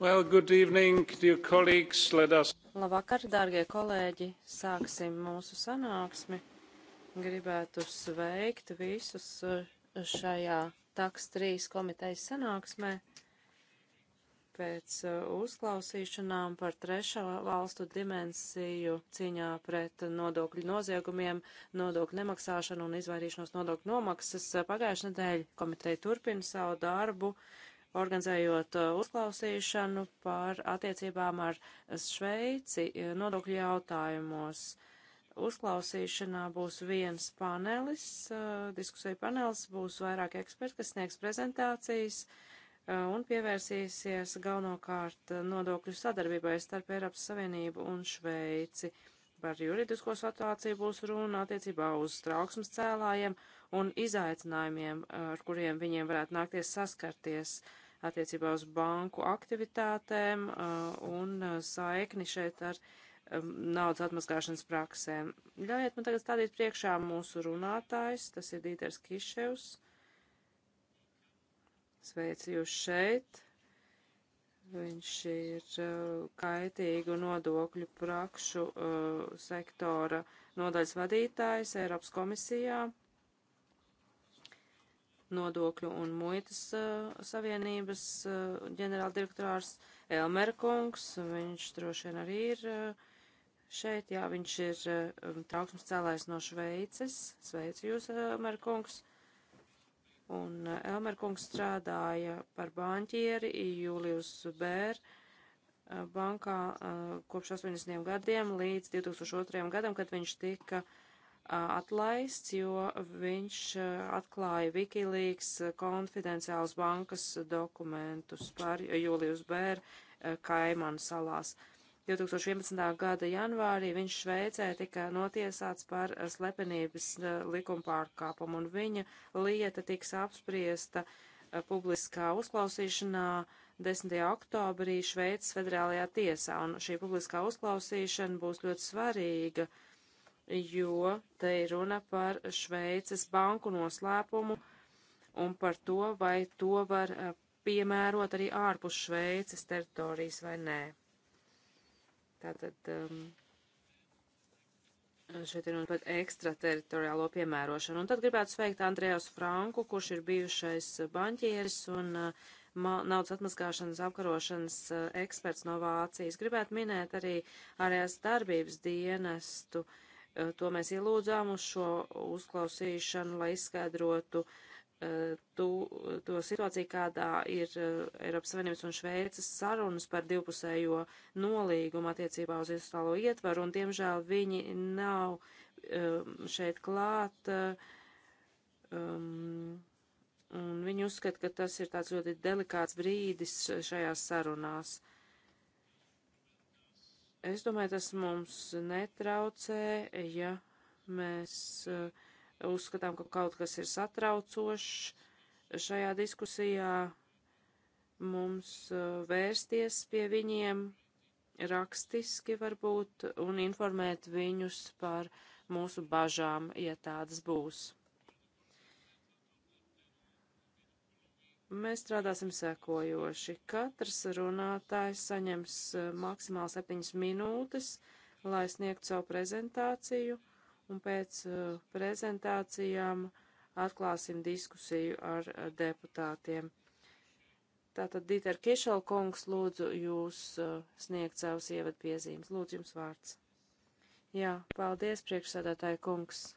Well, good evening, dear colleagues. Let us. Labvakar, dārgie kolēģi, sāksim mūsu sanāksmi. Gribētu sveikt visus eh, šajā taks 3 komitejas sanāksmē pēc eh, uzklausīšanām par trešo valstu dimensiju cīņā pret nodokļu noziegumiem, nodokļu nemaksāšanu un izvairīšanos nodokļu nomaksas. Eh, pagājušajā nedēļā komiteja turpina savu darbu organizējot uh, uzklausīšanu par attiecībām ar Šveici uh, nodokļu jautājumos. Uzklausīšanā būs viens panelis, uh, diskusija panelis, būs vairāk eksperti, kas sniegs prezentācijas un pievērsīsies galvenokārt nodokļu sadarbībai starp Eiropas Savienību un Šveici. Par juridisko situāciju būs runa attiecībā uz trauksmes cēlājiem un izaicinājumiem, ar kuriem viņiem varētu nākties saskarties attiecībā uz banku aktivitātēm un saikni šeit ar naudas atmaskāšanas praksēm. Ļaujiet man tagad stādīt priekšā mūsu runātājs, tas ir Dīters Kiševs. Sveicu jūs šeit. Viņš ir uh, kaitīgu nodokļu prakšu uh, sektora nodaļas vadītājs Eiropas komisijā nodokļu un muitas uh, savienības uh, ģenerāldirektorārs Elmer Kungs. Viņš droši vien arī ir uh, šeit. Jā, viņš ir uh, trauksmes cēlājs no Šveices. Sveicu jūs, Elmer Kungs. Un uh, Elmer Kungs strādāja par banķieri Julius Bēru bankā kopš 80. gadiem līdz 2002. gadam, kad viņš tika atlaists, jo viņš atklāja Wikileaks konfidenciālus bankas dokumentus par Julius Bēru Kaimanu salās. 2011. gada janvārī viņš Šveicē tika notiesāts par slepenības likuma pārkāpumu, un viņa lieta tiks apspriesta publiskā uzklausīšanā 10. oktobrī Šveicas federālajā tiesā, un šī publiskā uzklausīšana būs ļoti svarīga uh, jo te ir runa par Šveices banku noslēpumu un par to, vai to var eh, piemērot arī ārpus Šveices teritorijas vai nē. Tātad um, šeit ir runa par ekstrateritoriālo piemērošanu. Un tad gribētu sveikt Andrejus Franku, kurš ir bijušais baņķieris un uh, naudas atmaskāšanas apkarošanas uh, eksperts no Vācijas. Gribētu minēt arī ārējās darbības dienestu uh, Eh, to mēs ielūdzām uz šo uzklausīšanu, lai izskaidrotu eh, tu, to situāciju, kādā ir eh, Eiropas Savienības un Šveices sarunas par divpusējo nolīgumu attiecībā uz institucionālo ietvaru, un diemžēl viņi nav šeit klāt. Um, un viņi uzskata, ka tas ir tāds ļoti delikāts brīdis šajās sarunās. Es domāju, tas mums netraucē, ja mēs eh, uzskatām, ka kaut kas ir satraucošs šajā diskusijā, mums eh, vērsties pie viņiem rakstiski varbūt un informēt viņus par mūsu bažām, ja tādas būs. Mēs strādāsim sekojoši. Katrs runātājs saņems eh, maksimāli septiņas minūtes, lai sniegtu savu prezentāciju, un pēc eh, prezentācijām atklāsim diskusiju ar eh, deputātiem. Tātad, Dīter Kišalkungs, lūdzu jūs sniegt savus ievadpiezīmes. Lūdzu jums vārds. Jā, paldies, priekšsādātāja kungs.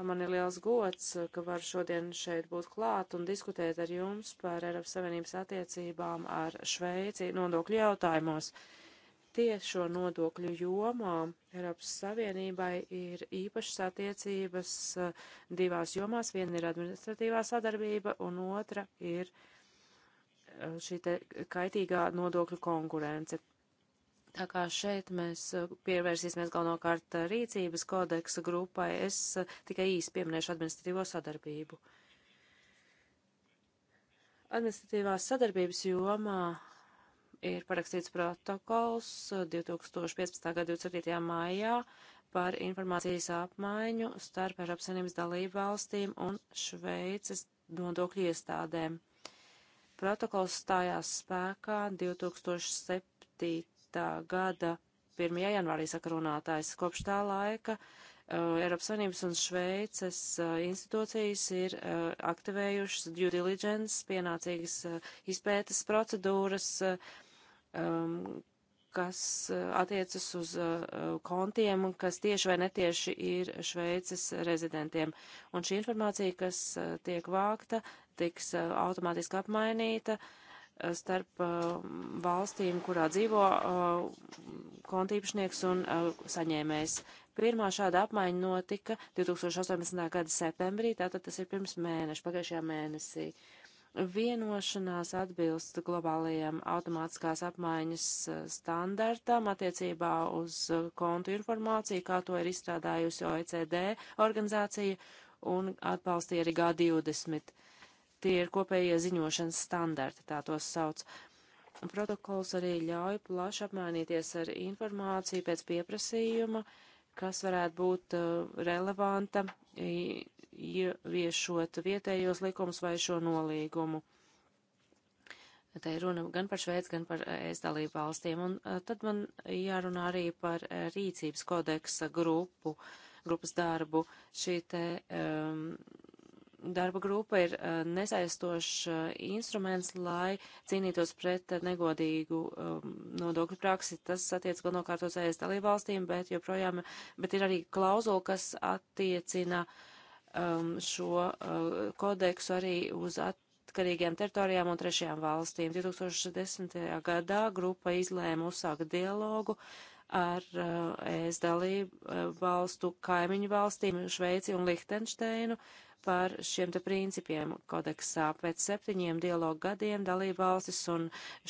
Man ir liels gods, ka varu šodien šeit būt klāt un diskutēt ar jums par Eiropas Savienības attiecībām ar Šveici nodokļu jautājumos. Tiešo nodokļu jomā Eiropas Savienībai ir īpašas attiecības eh, divās jomās. Viena ir administratīvā sadarbība un otra ir eh, šī kaitīgā nodokļu konkurence. Tā kā šeit mēs uh, pievērsīsimies galvenokārt uh, rīcības kodeksa grupai, es uh, tikai īsi pieminēšu administratīvo sadarbību. Administratīvās sadarbības jomā ir parakstīts protokols 2015. gada 27. maijā par informācijas apmaiņu starp Eiropas Savienības dalību valstīm un Šveices nodokļu iestādēm. Protokols stājās spēkā 2007 gada 1. janvārī saka runātājs. Kopš tā laika uh, Eiropas Savienības un Šveices uh, institūcijas ir uh, aktivējušas due diligence, pienācīgas uh, izpētes procedūras, uh, um, kas uh, attiecas uz kontiem, kas tieši vai netieši ir Šveices rezidentiem. Un šī informācija, kas tiek vākta, tiks automātiski apmainīta uh, starp uh, valstīm, kurā dzīvo uh, kontīpašnieks un uh, saņēmējs. Pirmā šāda apmaiņa notika 2018. gada septembrī, tātad tas ir pirms mēneša, pagājušajā mēnesī. Vienošanās atbilst globālajiem automātiskās apmaiņas standartam attiecībā uz kontu informāciju, kā to ir izstrādājusi OECD organizācija un atbalstīja arī G20. Uh, Tie ir kopējie ziņošanas standarti, tā tos sauc. Protokols arī ļauj plaši apmainīties ar informāciju pēc pieprasījuma, kas varētu būt uh, relevanta, ieviešot vietējos likumus vai šo nolīgumu. Te ir runa gan par Šveici, gan par ES dalību valstīm. Un uh, tad man jārunā arī par uh, rīcības kodeksa grupu, grupas darbu. Šī te um, darba grupa ir eh, nesaistošs eh, instruments, lai cīnītos pret eh, negodīgu um, nodokļu praksi. Tas attiec galvenokārt uz ES dalībvalstīm, bet joprojām, bet ir arī klauzula, kas attiecina um, šo uh, kodeksu arī uz atkarīgiem teritorijām un trešajām valstīm. 2010. gadā grupa izlēma uzsākt dialogu ar uh, ES dalību valstu kaimiņu valstīm Šveici un Lihtenšteinu, uh, par šiem te principiem kodeksā. Pēc septiņiem dialogu gadiem dalība valstis un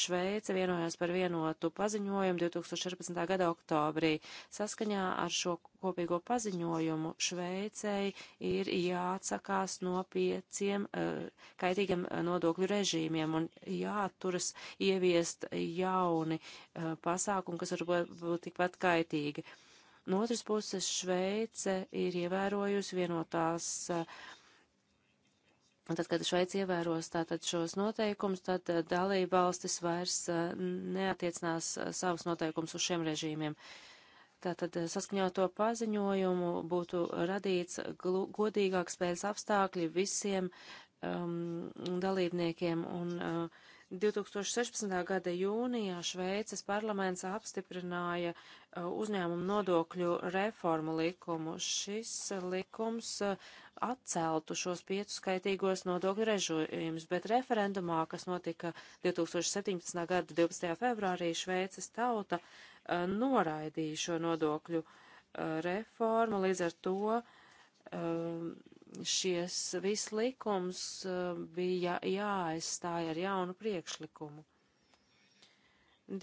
Šveice vienojās par vienotu paziņojumu 2014. gada oktobrī. Saskaņā ar šo kopīgo paziņojumu Šveicei ir jāatsakās no pieciem uh, kaitīgiem eh, nodokļu režīmiem un jāatturas ieviest jauni uh, pasākumi, kas varbūt būt tikpat kaitīgi. No otras puses, Šveice ir ievērojusi vienotās uh, Un tad, kad Šveica ievēros tātad šos noteikumus, tad eh, dalība valstis vairs eh, neatiecinās eh, savus noteikumus uz šiem režīmiem. Tātad saskaņoto paziņojumu būtu radīts godīgāk spēles apstākļi visiem um, dalībniekiem un uh, 2016. gada jūnijā Šveices parlaments apstiprināja uh, uzņēmumu nodokļu reformu likumu. Šis likums uh, atceltu šos piecus skaitīgos nodokļu režīmus, bet referendumā, kas notika 2017. gada 12. februārī, Šveices tauta uh, noraidīja šo nodokļu reformu, līdz ar to um, šies viss likums eh, bija jāaizstāja ar jaunu priekšlikumu.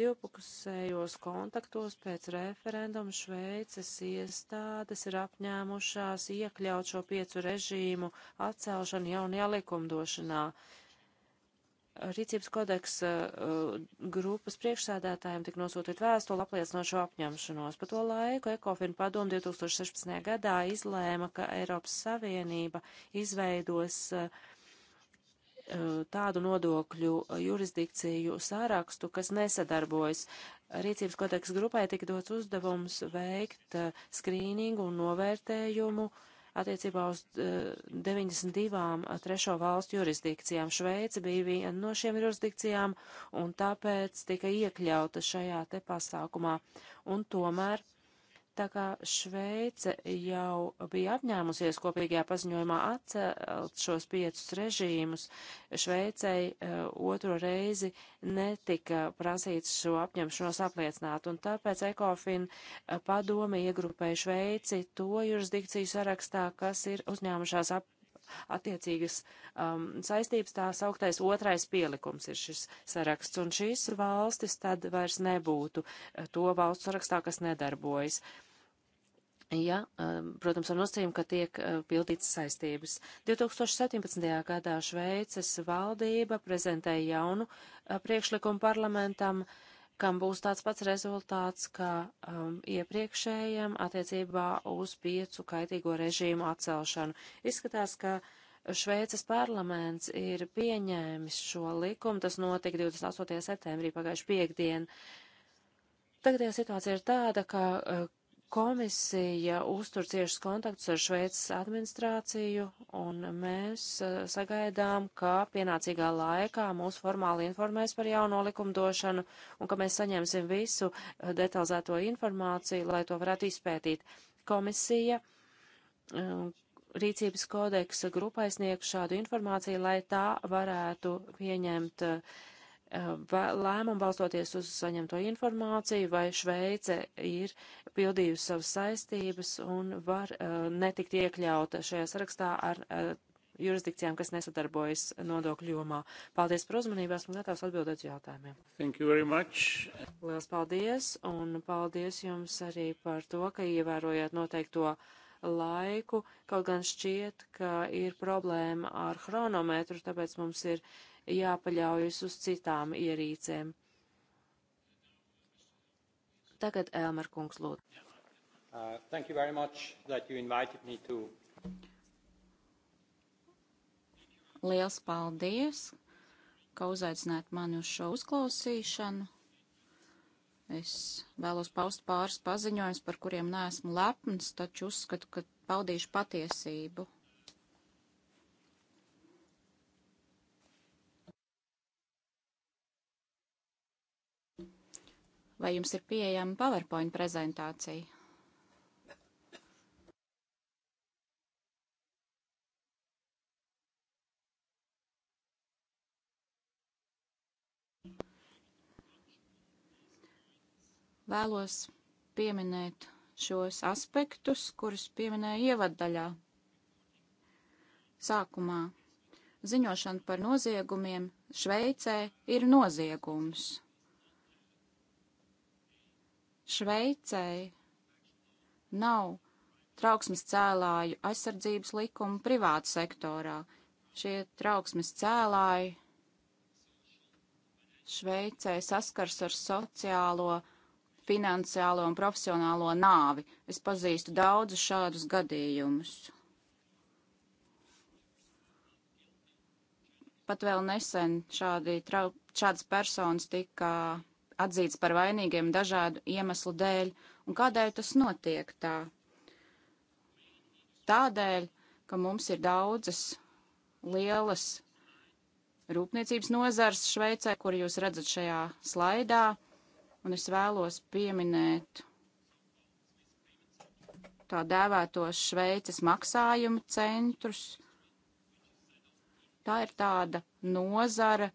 Divpusējos kontaktos pēc referenduma Šveices iestādes ir apņēmušās iekļaut šo piecu režīmu atcelšanu jaunajā likumdošanā. Uh, Rīcības kodeksa uh, grupas priekšsēdētājiem tika nosūtīta vēstule apliecinot šo apņemšanos. Pa to laiku Ekofina padomu 2016. gadā izlēma, ka Eiropas Savienība izveidos uh, tādu nodokļu jurisdikciju sārakstu, kas nesadarbojas. Rīcības kodeksa grupai tika dots uzdevums veikt uh, skrīningu un novērtējumu uh, attiecībā uz uh, e, 92 e, trešo valstu jurisdikcijām. Šveice bija viena no šiem jurisdikcijām un tāpēc tika iekļauta šajā te pasākumā. Un tomēr uh, Tā kā Šveice jau bija apņēmusies kopīgajā paziņojumā atcelt šos piecus režīmus, Šveicei uh, otro reizi netika prasīts šo apņemšanos apliecināt, un tāpēc Ekofin uh, padome iegrupēja Šveici to jurisdikciju sarakstā, kas ir uzņēmušās ap attiecīgas um, saistības, tā sauktais otrais pielikums ir šis saraksts, un šīs valstis tad vairs nebūtu eh, to valstu sarakstā, kas nedarbojas. Uh, ja, protams, ar nosacījumu, ka tiek eh, pildītas saistības. 2017. gadā Šveices valdība prezentēja jaunu eh, priekšlikumu parlamentam, kam būs tāds pats rezultāts, kā um, iepriekšējiem attiecībā uz piecu kaitīgo režīmu atcelšanu. Izskatās, ka Šveices parlaments ir pieņēmis šo likumu, tas notika 28. septembrī pagājuši piekdien. Tagadējā situācija ir tāda, ka uh, Komisija uztur ciešus kontaktus ar Šveices administrāciju, un mēs eh, sagaidām, ka pienācīgā laikā mūs formāli informēs par jauno likumdošanu, un ka mēs saņemsim visu eh, detalizēto informāciju, lai to varētu izpētīt. Komisija eh, rīcības kodeksa grupai sniegšu šādu informāciju, lai tā varētu pieņemt uh, lēmumu balstoties uz saņemto informāciju, vai Šveice ir pildījusi savas saistības un var uh, netikt iekļauta šajā sarakstā ar uh, jurisdikcijām, kas nesadarbojas nodokļu jomā. Paldies par uzmanību, esmu gatavs atbildēt uz jautājumiem. Thank you very much. Lielas paldies, un paldies jums arī par to, ka ievērojāt noteikto laiku, kaut gan šķiet, ka ir problēma ar chronometru, tāpēc mums ir jāpaļaujas uz citām ierīcēm. Tagad Elmar kungs lūdzu. Uh, thank you very much that you invited me to. Liels paldies, ka uzaicināt mani uz šo uzklausīšanu. Es vēlos paust pāris paziņojums, par kuriem neesmu lepns, taču uzskatu, ka paudīšu patiesību. Vai jums ir pieejama PowerPoint prezentācija? Vēlos pieminēt šos aspektus, kurus pieminēju ievaddaļā. Sākumā ziņošana par noziegumiem Šveicē ir noziegums. Šveicei nav trauksmes cēlāju aizsardzības likuma privātu sektorā. Šie trauksmes cēlāji Šveicē saskars ar sociālo, finansiālo un profesionālo nāvi. Es pazīstu daudzus šādus gadījumus. Pat vēl nesen šādi trau, šādas personas tika atzīts par vainīgiem dažādu iemeslu dēļ, un kādēļ tas notiek tā? Tādēļ, ka mums ir daudzas lielas rūpniecības nozars Šveicē, kur jūs redzat šajā slaidā, un es vēlos pieminēt tā dēvētos Šveices maksājumu centrus. Tā ir tāda nozara,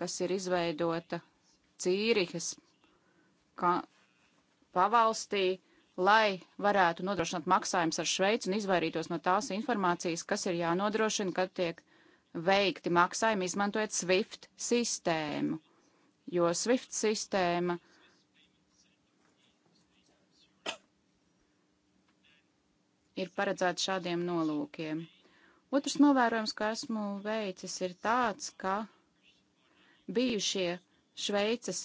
kas ir izveidota Cīrihas pavalstī, lai varētu nodrošināt maksājumus ar Šveici un izvairītos no tās informācijas, kas ir jānodrošina, kad tiek veikti maksājumi izmantojot SWIFT sistēmu. Jo SWIFT sistēma ir paredzēta šādiem nolūkiem. Otrs novērojums, ko esmu veicis, ir tāds, ka bijušie Šveices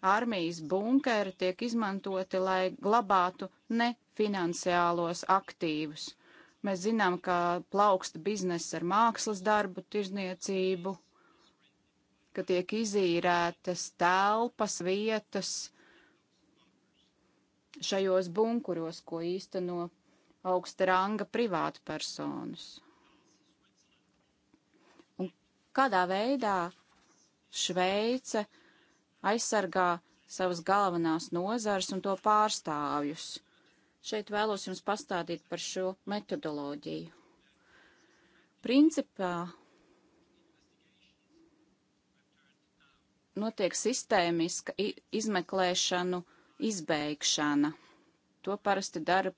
armijas bunkeri tiek izmantoti, lai glabātu nefinanciālos aktīvus. Mēs zinām, ka plaukst biznesa ar mākslas darbu, tirzniecību, ka tiek izīrētas telpas, vietas šajos bunkuros, ko īsteno augsta ranga privāta personas. Un kādā veidā Šveice aizsargā savas galvenās nozars un to pārstāvjus. Šeit vēlos jums pastādīt par šo metodoloģiju. Principā notiek sistēmiska izmeklēšanu izbeigšana. To parasti dara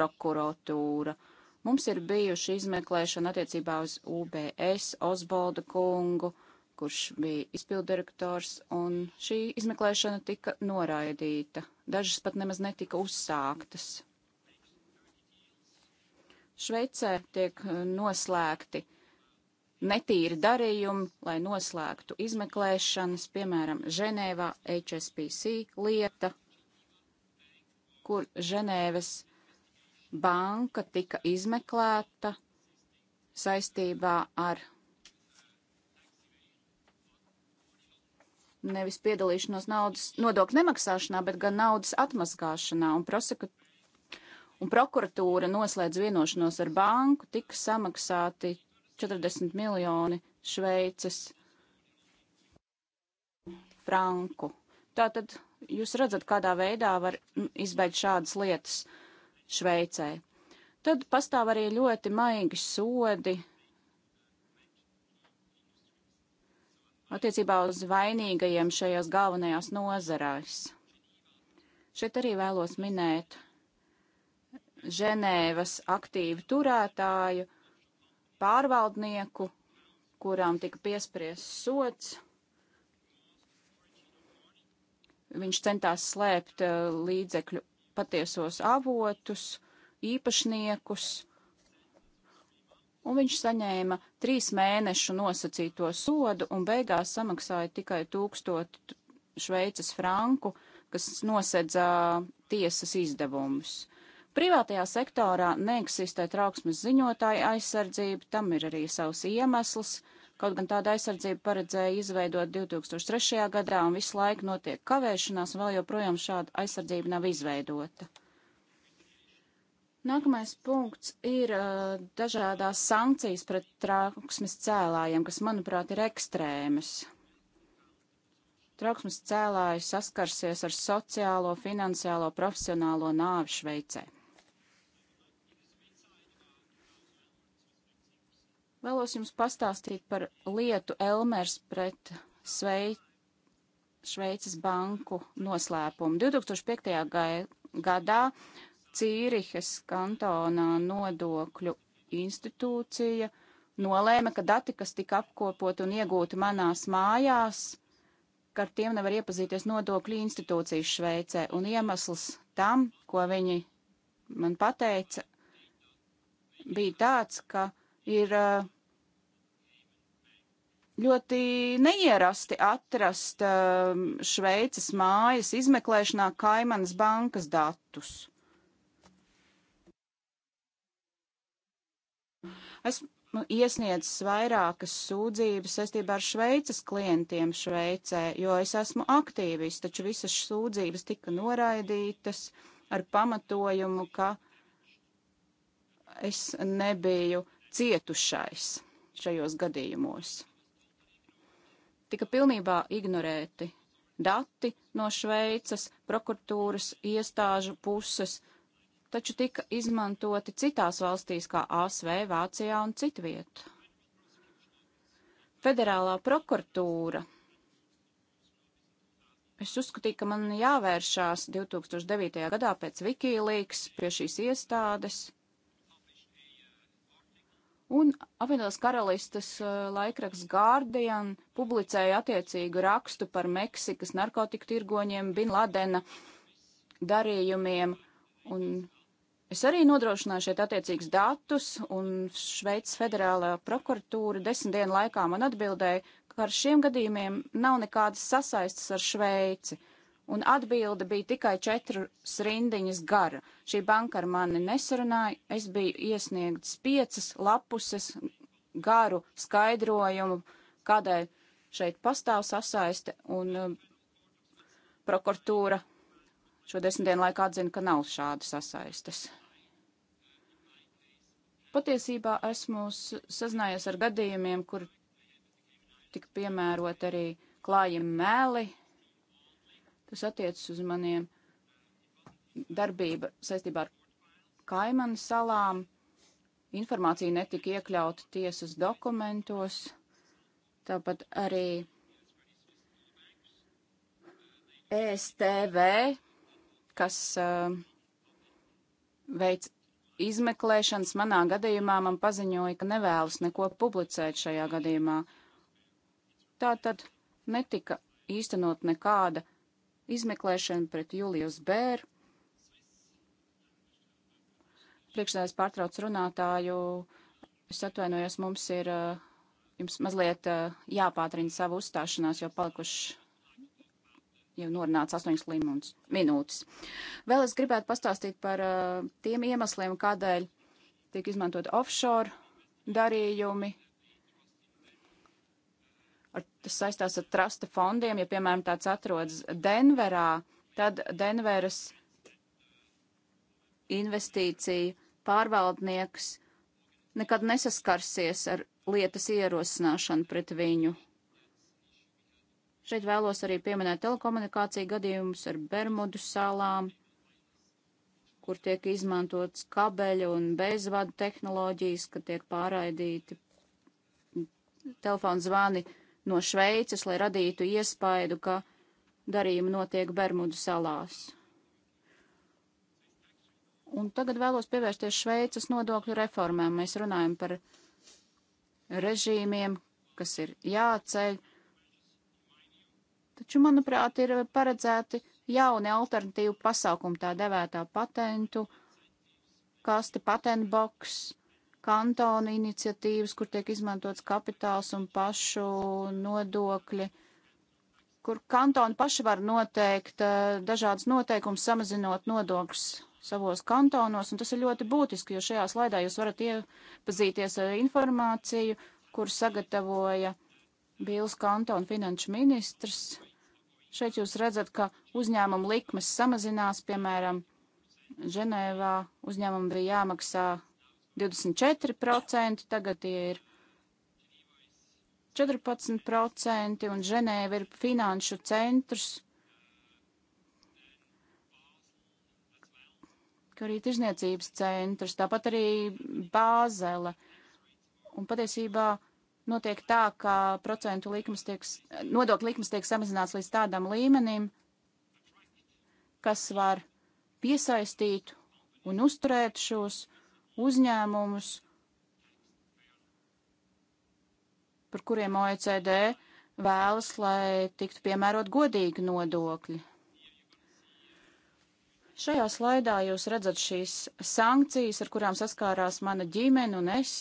prokuratūra. Mums ir bijuši izmeklēšana attiecībā uz UBS, Osbolda kungu, uh, kurš bija izpildirektors, un šī izmeklēšana tika noraidīta. Dažas pat nemaz netika uzsāktas. Šveicē tiek uh, noslēgti netīri darījumi, lai noslēgtu izmeklēšanas, piemēram, Ženēvā HSPC lieta, kur Ženēvas banka tika izmeklēta saistībā ar nevis piedalīšanos naudas nodokļu nemaksāšanā, bet gan naudas atmazgāšanā. Un, prosaka, un prokuratūra noslēdz vienošanos ar banku, tika samaksāti 40 miljoni Šveices franku. Tātad jūs redzat, kādā veidā var izbeigt šādas lietas Šveicē. Tad pastāv arī ļoti maigi sodi attiecībā uz vainīgajiem šajās galvenajās nozarēs. Šeit arī vēlos minēt Ženēvas aktīvu turētāju, pārvaldnieku, kurām tika piespriests sots. Viņš centās slēpt uh, līdzekļu patiesos avotus, īpašniekus un viņš saņēma trīs mēnešu nosacīto sodu un beigās samaksāja tikai tūkstotu šveices franku, kas nosedza tiesas izdevumus. Privātajā sektorā neeksistē trauksmes ziņotāja aizsardzība, tam ir arī savs iemesls, kaut gan tāda aizsardzība paredzēja izveidot 2003. gadā un visu laiku notiek kavēšanās, un vēl joprojām šāda aizsardzība nav izveidota. Nākamais punkts ir uh, dažādās sankcijas pret trauksmes cēlājiem, kas, manuprāt, ir ekstrēmas. Trauksmes cēlāji saskarsies ar sociālo, finansiālo, profesionālo nāvi Šveicē. Vēlos jums pastāstīt par lietu Elmers pret Svei... Šveices banku noslēpumu. 2005. gadā Cīrihes kantonā nodokļu institūcija nolēma, ka dati, kas tika apkopot un iegūti manās mājās, ka ar tiem nevar iepazīties nodokļu institūcijas Šveicē. Un iemesls tam, ko viņi man pateica, bija tāds, ka ir ļoti neierasti atrast Šveices mājas izmeklēšanā Kaimanas bankas datus. Esmu nu, iesniedzis vairākas sūdzības saistībā ar Šveices klientiem Šveicē, jo es esmu aktīvis, taču visas sūdzības tika noraidītas ar pamatojumu, ka es nebiju cietušais šajos gadījumos. Tika pilnībā ignorēti dati no Šveicas prokuratūras iestāžu puses, taču tika izmantoti citās valstīs, kā ASV, Vācijā un citviet. Federālā prokuratūra. Es uzskatīju, ka man jāvēršās 2009. gadā pēc Wikileaks pie šīs iestādes. Un apvienotās karalistas eh, laikraksts Guardian publicēja attiecīgu rakstu par Meksikas narkotiku tirgoņiem, Bin Ladena darījumiem un Es arī nodrošināju šeit attiecīgus datus, un Šveices federālā prokuratūra desmit dienu laikā man atbildēja, ka ar šiem gadījumiem nav nekādas sasaistes ar Šveici, un atbilde bija tikai četras rindiņas gara. Šī banka ar mani nesarunāja, es biju iesniegts piecas lapuses garu skaidrojumu, kādēļ šeit pastāv sasaiste, un eh, prokuratūra šo desmitdienu laikā atzina, ka nav šāda sasaistes. Patiesībā esmu sazinājies ar gadījumiem, kur tika piemērot arī klājiem mēli. Tas attiecas uz maniem darbība saistībā ar Kaimanu salām. Informācija netika iekļauta tiesas dokumentos, tāpat arī ESTV kas uh, veic izmeklēšanas. Manā gadījumā man paziņoja, ka nevēlas neko publicēt šajā gadījumā. Tā tad netika īstenot nekāda izmeklēšana pret Julius Bēru. Priekšsēdājs pārtrauc runātāju. Es atvainojos, mums ir uh, jums mazliet uh, jāpātrina savu uzstāšanās, jo palikuši jau norunāts 8 minūtes. Vēl es gribētu pastāstīt par uh, tiem iemesliem, kādēļ tiek izmantot offshore darījumi. Ar, tas saistās ar trusta fondiem. Ja, piemēram, tāds atrodas Denverā, tad Denveras investīcija pārvaldnieks nekad nesaskarsies ar lietas ierosināšanu pret viņu Šeit vēlos arī pieminēt telekomunikāciju gadījumus ar Bermudu salām, kur tiek izmantots kabeļu un bezvadu tehnoloģijas, kad tiek pārraidīti telefonu zvani no Šveices, lai radītu iespaidu, ka darījumi notiek Bermudu salās. Un tagad vēlos pievērsties Šveices nodokļu reformām. Mēs runājam par režīmiem, kas ir jāceļ, Taču, manuprāt, ir paredzēti jauni alternatīvu pasākumu tā devētā patentu, kaste patentboks, kantonu iniciatīvas, kur tiek izmantots kapitāls un pašu nodokļi, kur kantoni paši var noteikt eh, dažādas noteikumus, samazinot nodokļus savos kantonos, un tas ir ļoti būtiski, jo šajā slaidā jūs varat iepazīties ar informāciju, kur sagatavoja Bīls kantona finanšu ministrs Šeit jūs redzat, ka uzņēmuma likmes samazinās, piemēram, Ženēvā uzņēmumam bija jāmaksā 24%, tagad tie ir 14%, un Ženēva ir finanšu centrs, ka arī tirzniecības centrs, tāpat arī Bāzele. Un patiesībā notiek tā, ka procentu likmes tiek, nodokļu likmes tiek samazināts līdz tādam līmenim, kas var piesaistīt un uzturēt šos uzņēmumus, par kuriem OECD vēlas, lai tiktu piemērot godīgi nodokļi. Šajā slaidā jūs redzat šīs sankcijas, ar kurām saskārās mana ģimene un es.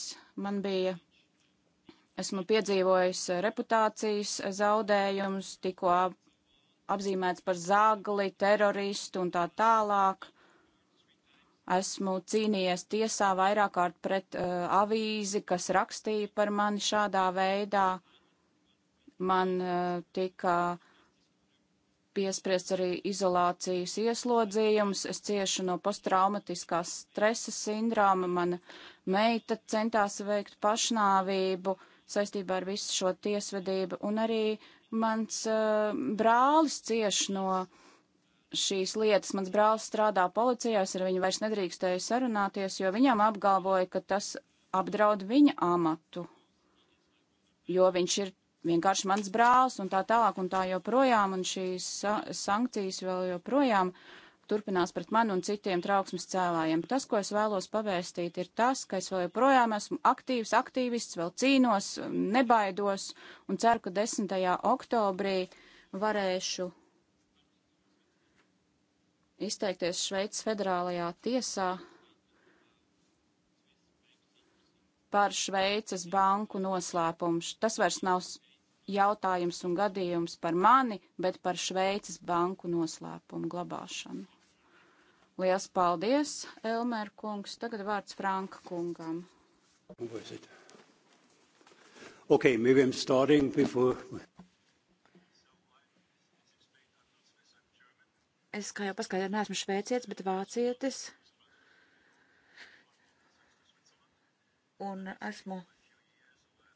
Man bija Esmu piedzīvojis eh, reputācijas eh, zaudējumus, tikko apzīmēts par zagli, teroristu un tā tālāk. Esmu cīnījies tiesā vairāk kārt pret uh, avīzi, kas rakstīja par mani šādā veidā. Man uh, tika piespriests arī izolācijas ieslodzījums, es ciešu no posttraumatiskās stresa sindroma, mana meita centās veikt pašnāvību. Uh, saistībā ar visu šo tiesvedību, un arī mans uh, brālis cieš no šīs lietas. Mans brālis strādā policijās, ar viņu vairs nedrīkstēja sarunāties, jo viņam apgalvoja, ka tas apdraud viņa amatu, jo viņš ir vienkārši mans brālis un tā tālāk un tā joprojām, un šīs sankcijas vēl joprojām. Uh, turpinās pret mani un citiem trauksmes cēlājiem. Tas, ko es vēlos pavēstīt, ir tas, ka es vēl joprojām esmu aktīvs, aktīvists, vēl cīnos, nebaidos un ceru, ka 10. oktobrī varēšu izteikties Šveices federālajā tiesā par Šveices banku noslēpumu. Tas vairs nav jautājums un gadījums par mani, bet par Šveices banku noslēpumu glabāšanu. Lielas paldies, Elmer kungs. Tagad vārds Franka kungam. Okay, maybe I'm starting before. Es, kā jau paskaidroju, neesmu šveicietis, bet vācietis. Un esmu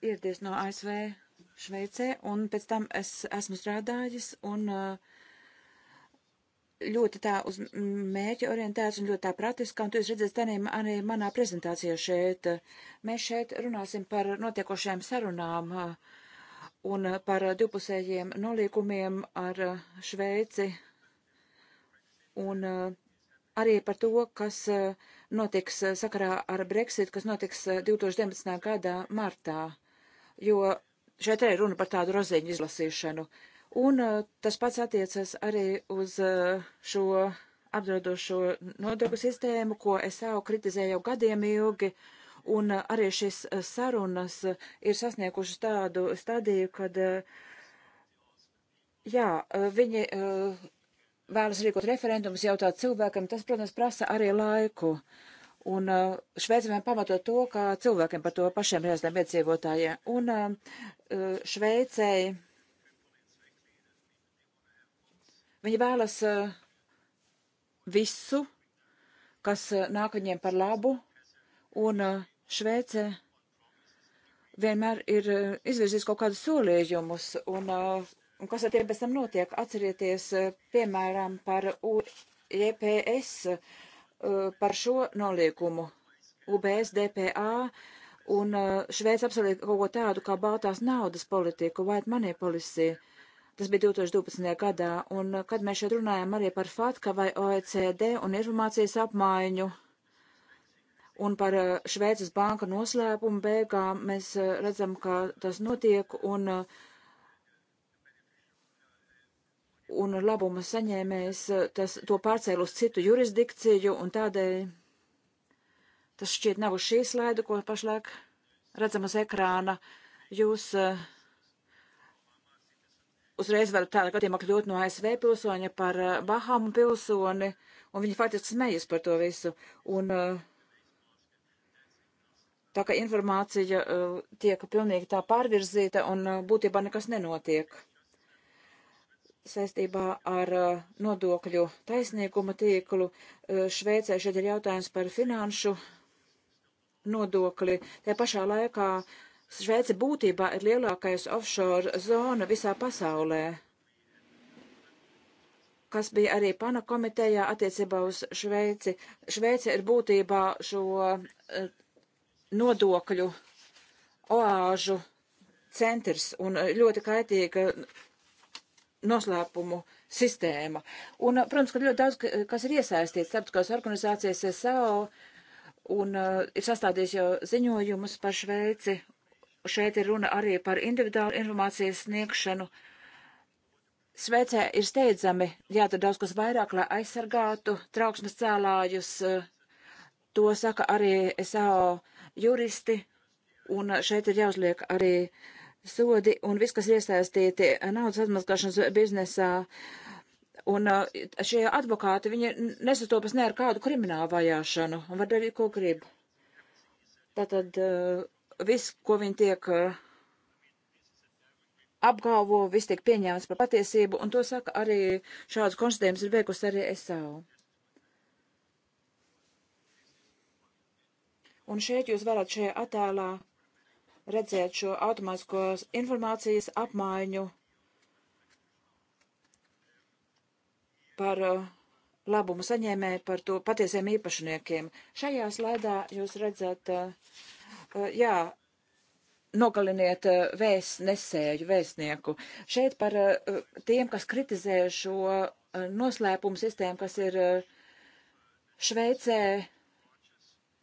ieradies no ASV Šveicē, un pēc tam es esmu strādājis un uh, ļoti tā uz mērķi orientēts un ļoti tā pratiskā, un tu esi redzējis arī, arī manā prezentācijā šeit. Mēs šeit runāsim par notiekošajām sarunām un par divpusējiem nolīkumiem ar Šveici un arī par to, kas notiks sakarā ar Brexit, kas notiks 2019. gada martā, jo šeit arī runa par tādu roziņu izlasīšanu. Uh, Un uh, tas pats attiecas arī uz uh, šo apdraudošo nodokļu sistēmu, ko es jau kritizēju jau gadiem ilgi. Un uh, arī šis sarunas ir sasniegušas tādu stadiju, kad, jā, viņi vēlas rīkot referendumus jautāt cilvēkam, tas, protams, prasa arī laiku. Un uh, Šveicē pamato to, kā cilvēkiem par to pašiem reizēm iedzīvotājiem. Un uh, Šveicēji Viņi vēlas eh, visu, kas eh, nāk viņiem par labu, un eh, Šveice vienmēr ir izvirzījis kaut kādus solījumus, un, un kas ar tiem pēc tam notiek? Atcerieties, piemēram, par UEPS, par šo noliekumu, UBS, DPA, un Šveica apsolīja kaut ko tādu kā baltās naudas politiku, white money policy. Uh, Tas bija 2012. gadā, un kad mēs šeit runājam arī par FATKA vai OECD un informācijas apmaiņu un par eh, Šveices banka noslēpumu beigām, mēs eh, redzam, ka tas notiek un, eh, un labuma saņēmējs tas, to pārcēl uz citu jurisdikciju un tādēļ tas šķiet nav uz šī slaida, ko pašlaik redzam uz ekrāna. Jūs uh, uzreiz var tādā gadījumā kļūt no ASV pilsoņa par uh, Bahamu pilsoni, un viņi faktiski smejas par to visu. Un, uh, tā ka informācija uh, tiek pilnīgi tā pārvirzīta, un uh, būtībā nekas nenotiek saistībā ar uh, nodokļu taisnīguma tīklu. Šveicē šeit ir jautājums par finanšu nodokli. Tajā pašā laikā uh, Šveice būtībā ir lielākais offshore zona visā pasaulē, kas bija arī pana komitejā attiecībā uz Šveici. Šveice ir būtībā šo e, nodokļu oāžu centrs un e, ļoti kaitīga noslēpumu sistēma. Un, e, protams, ka ļoti daudz, kas ir iesaistīts starptautiskās organizācijas SAO un uh, ir sastādījis jau ziņojumus par Šveici Šeit ir runa arī par individuālu informācijas sniegšanu. Šveicē ir steidzami jādara daudz kas vairāk, lai aizsargātu trauksmes cēlājus. To saka arī SAO juristi, un šeit ir jāuzliek arī sodi un viss, kas iesaistīti naudas atmaskāšanas biznesā. Un eh, šie advokāti, viņi nesastopas ne ar kādu kriminālu vajāšanu un var darīt, ko grib. Tātad eh, viss, ko viņi tiek eh, apgalvo, viss tiek pieņēmts par patiesību, un to saka arī šāds konstatējums ir veikusi arī SAU. Un šeit jūs varat šajā attēlā redzēt šo automātiskos informācijas apmaiņu par eh, labumu saņēmēju par to patiesiem īpašniekiem. Šajā slaidā jūs redzat uh, Eh, jā, nogaliniet eh, vēstnesēju, vēstnieku. Šeit par eh, tiem, kas kritizē šo noslēpumu sistēmu, kas ir Šveicē,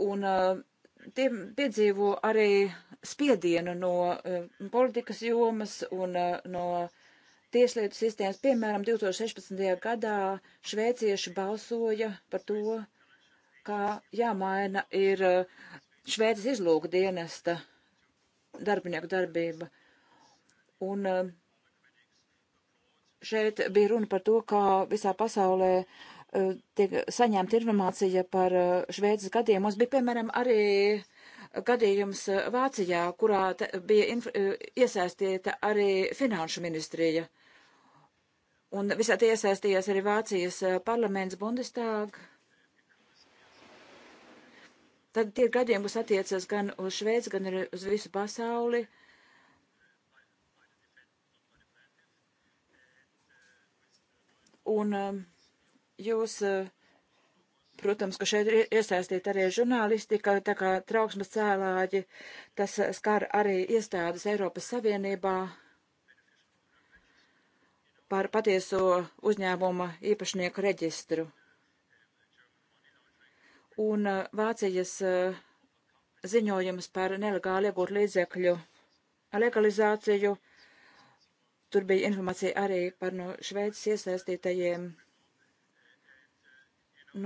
un tie piedzīvo arī spiedienu no politikas jomas un no tieslietu sistēmas. Piemēram, 2016. gadā šveicieši balsoja par to, kā jāmaina ir Šveicis izlūka dienesta darbinieku darbība. Un eh, šeit bija runa par to, kā visā pasaulē eh, tiek saņemta informācija par eh, Šveicis gadiem. Mums bija, piemēram, arī gadījums Vācijā, kurā bija iesaistīta arī finanšu ministrija. Un visā tie iesaistījās arī Vācijas parlaments Bundestag tad tie gadiem, kas attiecas gan uz Šveici, gan arī uz visu pasauli, un um, jūs, uh, protams, ka šeit ir iesaistīta arī žurnālistika, tā kā trauksmes cēlāji, tas uh, skar arī iestādes Eiropas Savienībā par patieso uzņēmuma īpašnieku reģistru un eh, Vācijas eh, ziņojums par nelegāli iegūt līdzekļu legalizāciju. Tur bija informācija arī par no Šveices iesaistītajiem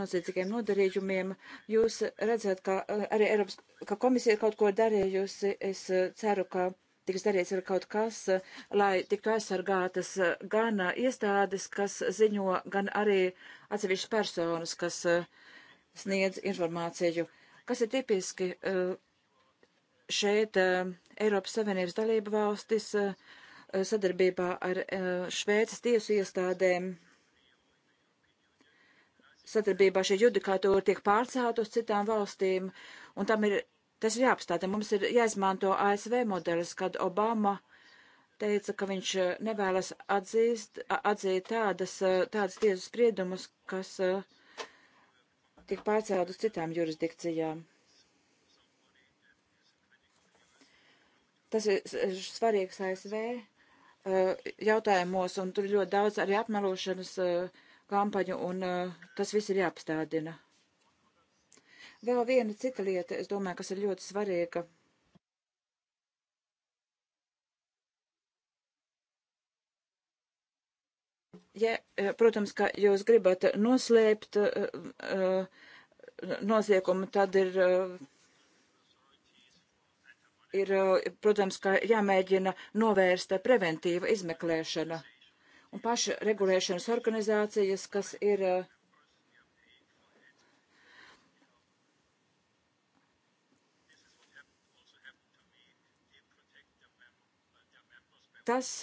noziedzīgiem nodarījumiem. Jūs redzat, ka eh, arī Eiropas ka komisija ir kaut ko darījusi. Es ceru, ka tiks darīts ar kaut kas, lai tiktu aizsargātas gan iestādes, kas ziņo, gan arī atsevišķas personas, kas uh, sniedz informāciju, kas ir tipiski eh, šeit eh, Eiropas Savienības dalība valstis eh, sadarbībā ar Šveices tiesu iestādēm. Sadarbībā šī judikatūra tiek pārcēlta uz citām valstīm, un tam ir, tas ir jāapstāda. Mums ir jāizmanto ASV modelis, kad Obama teica, ka viņš nevēlas atzīst, atzīt tādas, tādas tiesas spriedumus, kas uh, tika pārcēlta uz citām jurisdikcijām. Tas ir svarīgs ASV eh, jautājumos, un tur ir ļoti daudz arī apmelošanas eh, kampaņu, un eh, tas viss ir jāapstādina. Vēl viena cita lieta, es domāju, kas ir ļoti svarīga. Ja, eh, protams, ka jūs gribat noslēpt eh, eh, noziegumu, tad ir ir, protams, ka jāmēģina novērst preventīva izmeklēšana un paša regulēšanas organizācijas, kas ir. Tas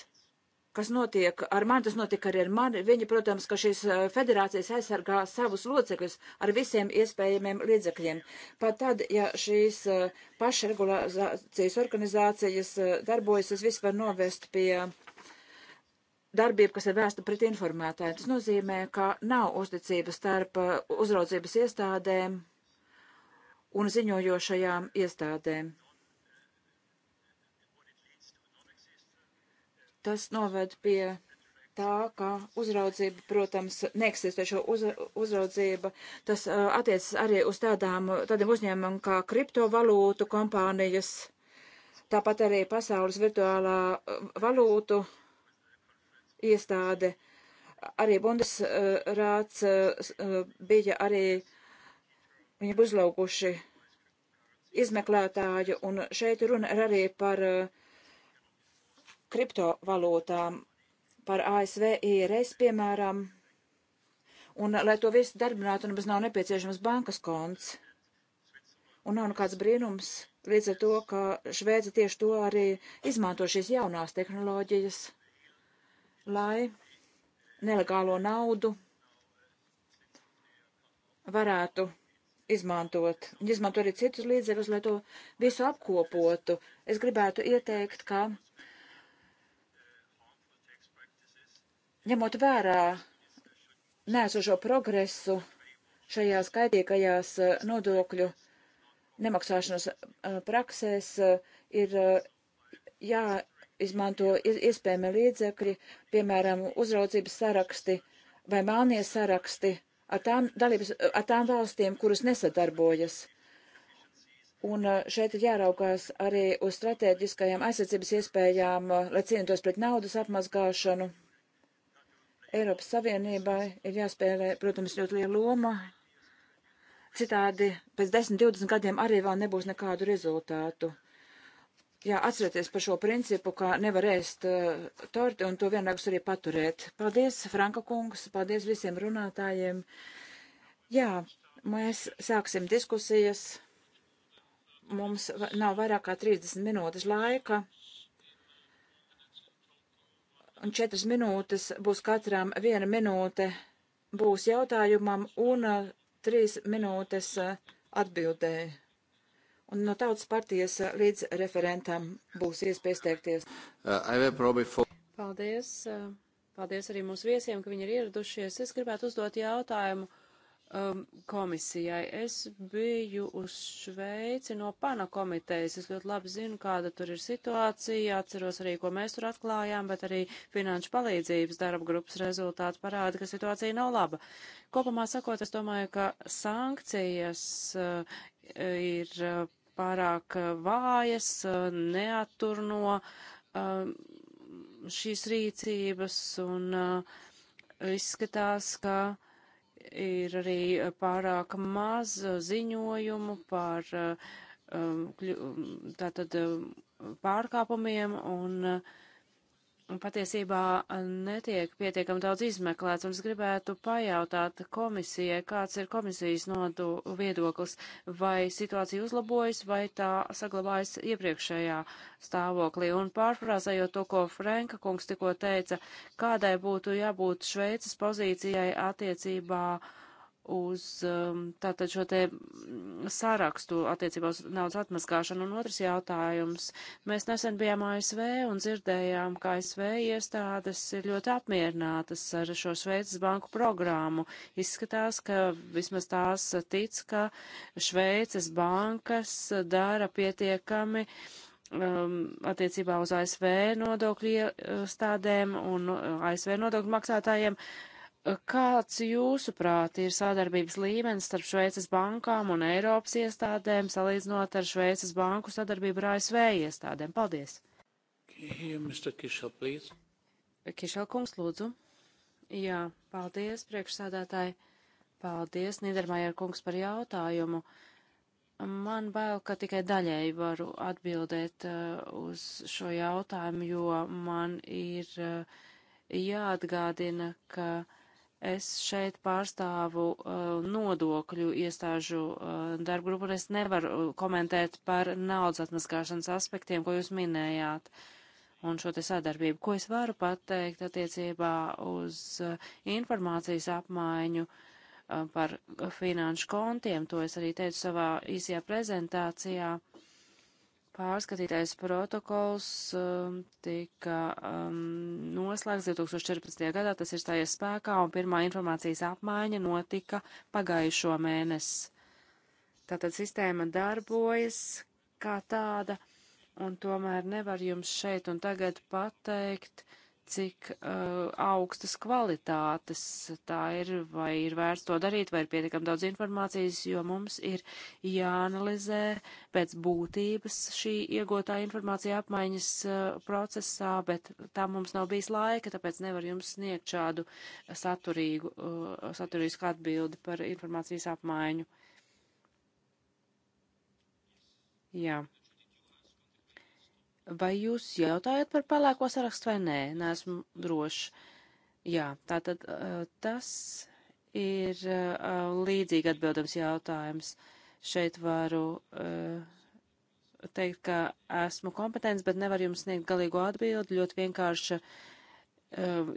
kas notiek ar mani, tas notiek arī ar mani. Viņi, protams, ka šīs eh, federācijas aizsargā savus locekļus ar visiem iespējamiem līdzekļiem. Pat tad, ja šīs eh, pašregulācijas organizācijas eh, darbojas, tas viss var novest pie darbību, kas ir vēsta pret informētāju. Tas nozīmē, ka nav uzticības starp uzraudzības iestādēm un ziņojošajām iestādēm. Tas noved pie tā, ka uzraudzība, protams, neeksistēšo uz, uzraudzība, tas uh, attiecas arī uz tādām, tādiem uzņēmumiem kā kriptovalūtu kompānijas, tāpat arī pasaules virtuālā uh, valūtu iestāde. Arī Bundesrāts uh, uh, bija arī, viņi uzlauguši izmeklētāju, un šeit runa ir arī par uh, kriptovalūtām, par ASV IRS, piemēram, un, lai to visu darbinātu, nemaz nu, nav nepieciešams bankas konts. Un nav nekāds brīnums līdz ar to, ka Šveica tieši to arī izmanto šīs jaunās tehnoloģijas, lai nelegālo naudu varētu izmantot. Izmanto arī citus līdzekļus, lai to visu apkopotu. Es gribētu ieteikt, ka ņemot vērā nēsušo progresu šajā skaitīgajās eh, nodokļu nemaksāšanas eh, praksēs, eh, ir jāizmanto iespējami līdzekļi, piemēram, uzraudzības saraksti vai mānie saraksti ar tām, dalības, ar tām valstīm, kuras nesadarbojas. Un šeit ir jāraukās arī uz strateģiskajām aizsardzības iespējām, lai cīnītos pret naudas apmazgāšanu Eiropas Savienībai ir jāspēlē, protams, ļoti liela loma. Citādi pēc 10-20 gadiem arī vēl nebūs nekādu rezultātu. Jā, atcerieties par šo principu, ka nevar ēst uh, torti un to vienlaikus arī paturēt. Paldies, Franka kungs, paldies visiem runātājiem. Jā, mēs sāksim diskusijas. Mums nav vairāk kā 30 minūtes laika un četras minūtes būs katram viena minūte būs jautājumam un uh, trīs minūtes uh, atbildē. Un no tautas partijas uh, līdz referentam būs iespējas teikties. Uh, Paldies. Paldies arī mūsu viesiem, ka viņi ir ieradušies. Es gribētu uzdot jautājumu um, komisijai. Es biju uz Šveici no pana komitejas. Es ļoti labi zinu, kāda tur ir situācija. Atceros arī, ko mēs tur atklājām, bet arī finanšu palīdzības darba grupas rezultāti parāda, ka situācija nav laba. Kopumā sakot, es domāju, ka sankcijas uh, ir uh, pārāk uh, vājas, uh, neaturno uh, šīs rīcības un uh, izskatās, ka Ir arī eh, pārāk maz eh, ziņojumu par eh, um, um, tātad pārkāpumiem un uh, patiesībā netiek pietiekam daudz izmeklēts, un es gribētu pajautāt komisijai, kāds ir komisijas nodu viedoklis, vai situācija uzlabojas, vai tā saglabājas iepriekšējā stāvoklī. Un pārfrāzējot to, ko Frenka kungs tikko teica, kādai būtu jābūt Šveices pozīcijai attiecībā uh, uz um, tātad šo te mm, sārakstu attiecībā uz naudas atmaskāšanu. Un otrs jautājums. Mēs nesen bijām ASV un dzirdējām, ka ASV iestādes ir ļoti apmierinātas ar šo Šveices banku programmu. Izskatās, ka vismaz tās tic, ka Šveices bankas dara pietiekami um, attiecībā uz ASV nodokļu iestādēm un uh, ASV nodokļu maksātājiem. Uh, Eh, kāds jūsuprāt ir sadarbības līmenis starp Šveices bankām un Eiropas iestādēm, salīdzinot ar Šveices banku sadarbību ar ASV iestādēm? Paldies! Eh, Kišel kungs, lūdzu. Jā, paldies, priekšsādātāji. Paldies, Nidermājer kungs, par jautājumu. Man bail, ka tikai daļēji varu atbildēt uh, uz šo jautājumu, jo man ir uh, jāatgādina, ka uh, Es šeit pārstāvu uh, nodokļu iestāžu uh, darbu grupu, un es nevaru uh, komentēt par naudas atmaskāšanas aspektiem, ko jūs minējāt, un šo te sadarbību. Ko es varu pateikt attiecībā uz uh, informācijas apmaiņu uh, par finanšu kontiem, to es arī teicu savā īsajā prezentācijā. Pārskatītais protokols um, tika um, noslēgts 2014. gadā, tas ir stājies spēkā, un pirmā informācijas apmaiņa notika pagājušo mēnesi. Tātad sistēma darbojas kā tāda, un tomēr nevar jums šeit un tagad pateikt, uh, cik uh, augstas kvalitātes tā ir, vai ir vērts to darīt, vai ir pietiekami daudz informācijas, jo mums ir jāanalizē pēc būtības šī iegūtā informācija apmaiņas uh, procesā, bet tā mums nav bijis laika, tāpēc nevar jums sniegt šādu saturīgu, uh, saturisku atbildi par informācijas apmaiņu. Jā. Yeah. Vai jūs jautājat par pelēko sarakstu vai nē? Nesmu drošs. Jā, tātad eh, tas ir eh, līdzīgi atbildams jautājums. Šeit varu eh, teikt, ka esmu kompetents, bet nevaru jums sniegt galīgo atbildi ļoti vienkārša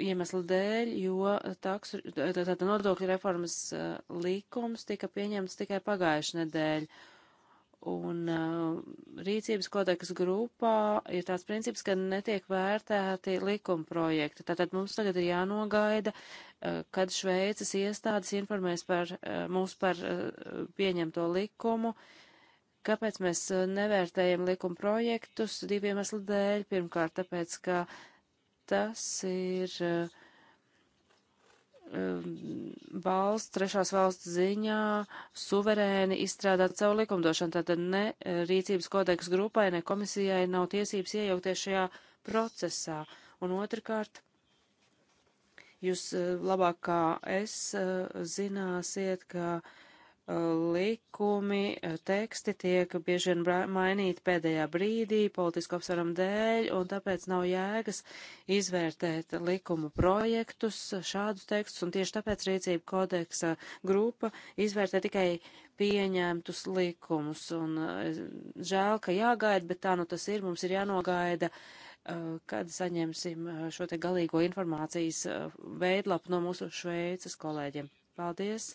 iemesla dēļ, jo taksu, tātad nodokļu reformas likums tika pieņemts tikai pagājušajā nedēļā Un uh, rīcības kodeksa grupā ir tāds princips, ka netiek vērtēti likuma projekti. Tātad mums tagad ir jānogaida, uh, kad Šveices iestādes informēs par, uh, mūs par uh, pieņemto likumu. Kāpēc mēs uh, nevērtējam likuma projektus? Diviem eslu dēļ. Pirmkārt, tāpēc, ka tas ir. Uh, Um, valsts, trešās valsts ziņā suverēni izstrādāt savu likumdošanu. Tātad ne uh, rīcības kodeks grupai, ne komisijai nav tiesības iejaukties šajā procesā. Un otrkārt, jūs uh, labāk kā es uh, zināsiet, ka likumi, eh, teksti tiek bieži vien mainīti pēdējā brīdī politisku apsvaram dēļ, un tāpēc nav jēgas izvērtēt likumu projektus, šādus tekstus, un tieši tāpēc rīcība kodeksa grupa izvērtē tikai pieņemtus likumus. Un eh, žēl, ka jāgaida, bet tā nu tas ir, mums ir jānogaida, eh, kad saņemsim šo te galīgo informācijas veidlapu no mūsu šveicas kolēģiem. Paldies!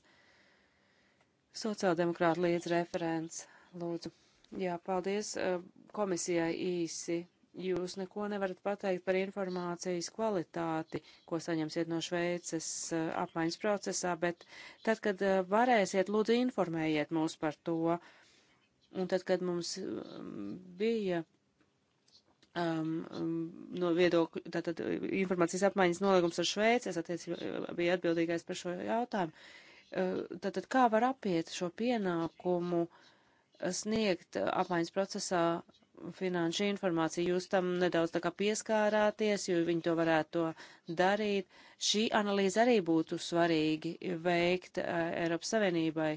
Sociāldemokrāta līdzreferents, lūdzu. Jā, paldies eh, komisijai īsi. Jūs neko nevarat pateikt par informācijas kvalitāti, ko saņemsiet no Šveices eh, apmaiņas procesā, bet tad, kad eh, varēsiet, lūdzu informējiet mūs par to. Un tad, kad mums mm, bija um, mm, no viedokļa, tātad informācijas apmaiņas nolīgums ar Šveices, attiecībā bija atbildīgais par šo jautājumu. Uh, Tātad kā var apiet šo pienākumu sniegt apmaiņas procesā finanšu informāciju? Jūs tam nedaudz tā kā pieskārāties, jo viņi to varētu to darīt. Šī analīze arī būtu svarīgi veikt Eiropas Savienībai,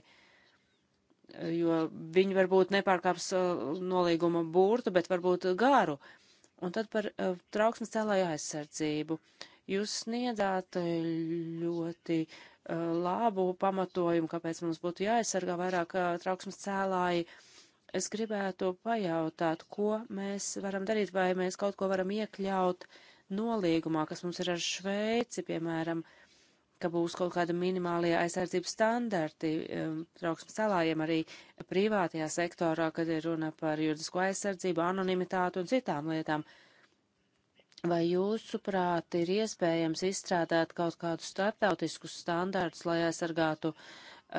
jo viņi varbūt nepārkāps nolīguma burtu, bet varbūt gāru. Un tad par trauksmes cēlāju aizsardzību. Jūs sniedzāt ļoti uh, Uh, labu pamatojumu, kāpēc mums būtu jāaizsargā vairāk uh, trauksmes cēlāji. Es gribētu pajautāt, ko mēs varam darīt, vai mēs kaut ko varam iekļaut nolīgumā, kas mums ir ar Šveici, piemēram, ka būs kaut kāda minimālie aizsardzības standarti um, trauksmes cēlājiem arī privātajā sektorā, kad ir runa par juridisko aizsardzību, anonimitātu un citām lietām. Uh, Vai jūsuprāt ir iespējams izstrādāt kaut kādus startautiskus standārtus, lai aizsargātu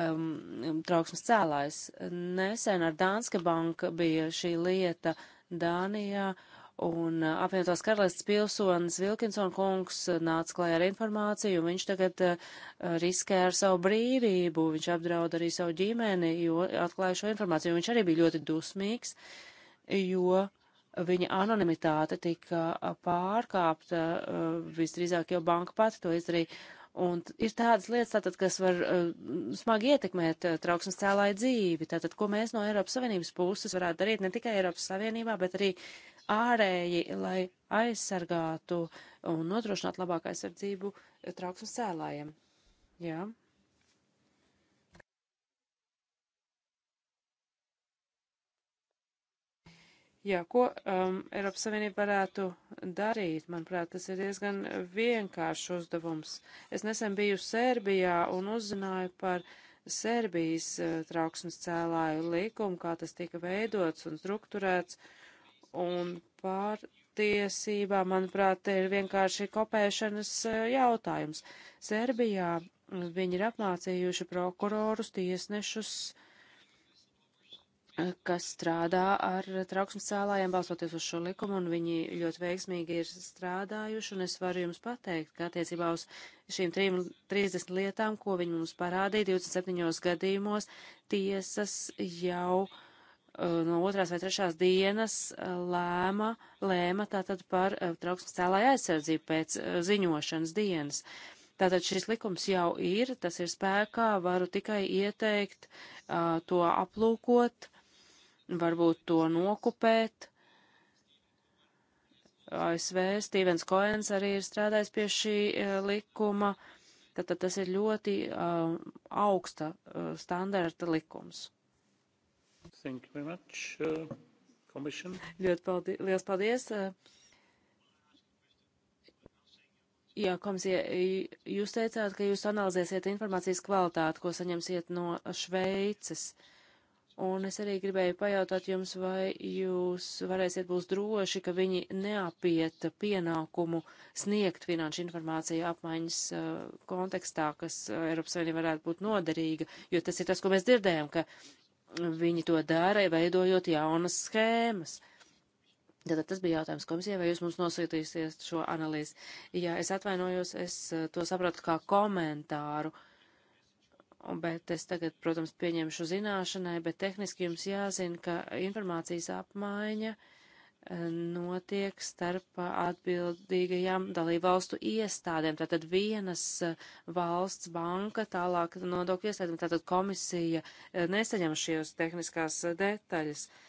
um, trauksmes cēlājs? Nesen ar Dānske banka bija šī lieta Dānijā, un uh, apvienotās karalists pilsonis Vilkinson kungs uh, nāca klajā ar informāciju, un viņš tagad uh, riskē ar savu brīvību, viņš apdraud arī savu ģimeni, jo atklāja šo informāciju, viņš arī bija ļoti dusmīgs, jo viņa anonimitāte tika pārkāpta, visdrīzāk jau banka pati to izdarīja. Un ir tādas lietas, tātad, kas var uh, smagi ietekmēt uh, trauksmes cēlāju dzīvi. Tātad, ko mēs no Eiropas Savienības puses varētu darīt ne tikai Eiropas Savienībā, bet arī ārēji, lai aizsargātu un nodrošinātu labāku aizsardzību trauksmes cēlājiem. Jā. Yeah. Jā, ko um, Eiropas Savienība varētu darīt? Manuprāt, tas ir diezgan vienkāršs uzdevums. Es nesen biju Sērbijā un uzzināju par Sērbijas uh, trauksmes cēlāju likumu, kā tas tika veidots un strukturēts. Un pārtiesībā, manuprāt, ir vienkārši kopēšanas uh, jautājums. Sērbijā viņi ir apmācījuši prokurorus, tiesnešus, uh, kas strādā ar trauksmes cēlājiem, balstoties uz šo likumu, un viņi ļoti veiksmīgi ir strādājuši, un es varu jums pateikt, ka attiecībā uz šīm 30 lietām, ko viņi mums parādīja, 27 gadījumos tiesas jau uh, no otrās vai trešās dienas uh, lēma, lēma tātad par uh, trauksmes cēlāju aizsardzību pēc uh, ziņošanas dienas. Tātad šis likums jau ir, tas ir spēkā, varu tikai ieteikt uh, to aplūkot varbūt to nokupēt. ASV Stīvens Koens arī ir strādājis pie šī e, likuma, tad, tad tas ir ļoti uh, augsta uh, standarta likums. Thank you very much, uh, Commission. Ļoti paldies, liels paldies. Jā, komisija, jūs teicāt, ka jūs analizēsiet informācijas kvalitāti, ko saņemsiet no Šveices. Uh, Un es arī gribēju pajautāt jums, vai jūs varēsiet būt droši, ka viņi neapiet pienākumu sniegt finanšu informāciju apmaiņas uh, kontekstā, kas uh, Eiropas Savienība varētu būt noderīga, jo tas ir tas, ko mēs dzirdējam, ka viņi to dara, veidojot jaunas schēmas. Tātad tas bija jautājums komisijai, vai jūs mums nosūtīsiet šo analīzi. Jā, es atvainojos, es uh, to sapratu kā komentāru. Uh, bet es tagad, protams, pieņemšu zināšanai, bet tehniski jums jāzina, ka informācijas apmaiņa eh, notiek starp atbildīgajām dalībvalstu iestādēm. Tātad vienas eh, valsts banka, tālāk nodokļu iestādēm, tātad komisija eh, nesaņem šīs tehniskās detaļas. Uh,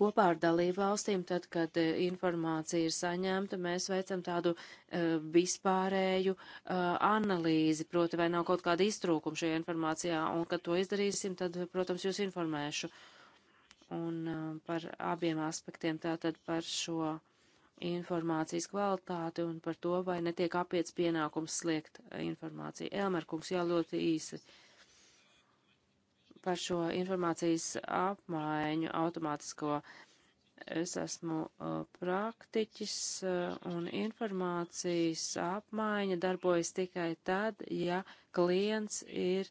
kopā ar dalībvalstīm, tad, kad e, informācija ir saņemta, mēs veicam tādu uh, vispārēju uh, analīzi, proti vai nav kaut kāda iztrūkuma šajā informācijā, un kad to izdarīsim, tad, protams, jūs informēšu. Un uh, par abiem aspektiem tātad par šo informācijas kvalitāti un par to, vai netiek apiets pienākums sliegt informāciju. Elmerkungs, jā, ļoti īsi. Uh, par šo informācijas apmaiņu automātisko. Es esmu uh, praktiķis uh, un informācijas apmaiņa darbojas tikai tad, ja klients ir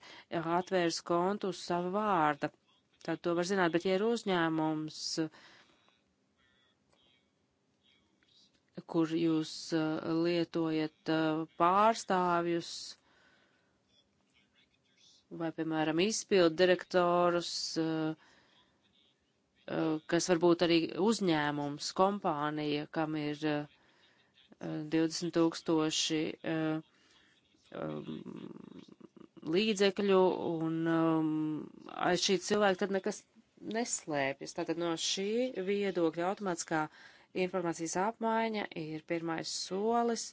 atvērs kontu uz savu vārdu. Tad to var zināt, bet ja ir uzņēmums, kur jūs uh, lietojat pārstāvjus, vai, piemēram, izpildu direktorus, eh, eh, kas varbūt arī uzņēmums, kompānija, kam ir 20 eh, tūkstoši līdzekļu, un aiz šī cilvēka tad nekas neslēpjas. Tātad no šī viedokļa automātiskā informācijas apmaiņa ir pirmais solis,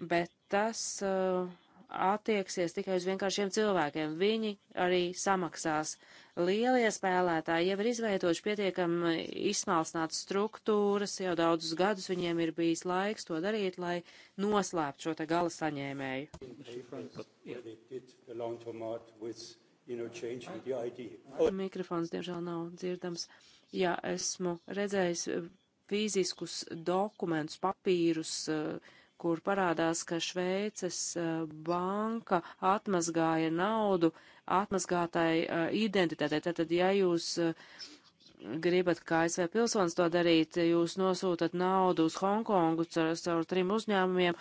bet tas uh, attieksies tikai uz vienkāršiem cilvēkiem. Viņi arī samaksās. Lielie spēlētāji jau ir izveidojuši pietiekami izsmalcinātas struktūras, jau daudzus gadus viņiem ir bijis laiks to darīt, lai noslēptu šo te gala saņēmēju. Mikrofons, diemžēl, nav dzirdams. Jā, esmu redzējis fiziskus dokumentus, papīrus, uh, kur parādās, ka Šveices e, banka atmazgāja naudu atmazgātai e, identitātei. Tātad, ja jūs e, gribat, kā ASV pilsonis to darīt, jūs nosūtat naudu uz Hongkongu caur, caur trim uzņēmumiem,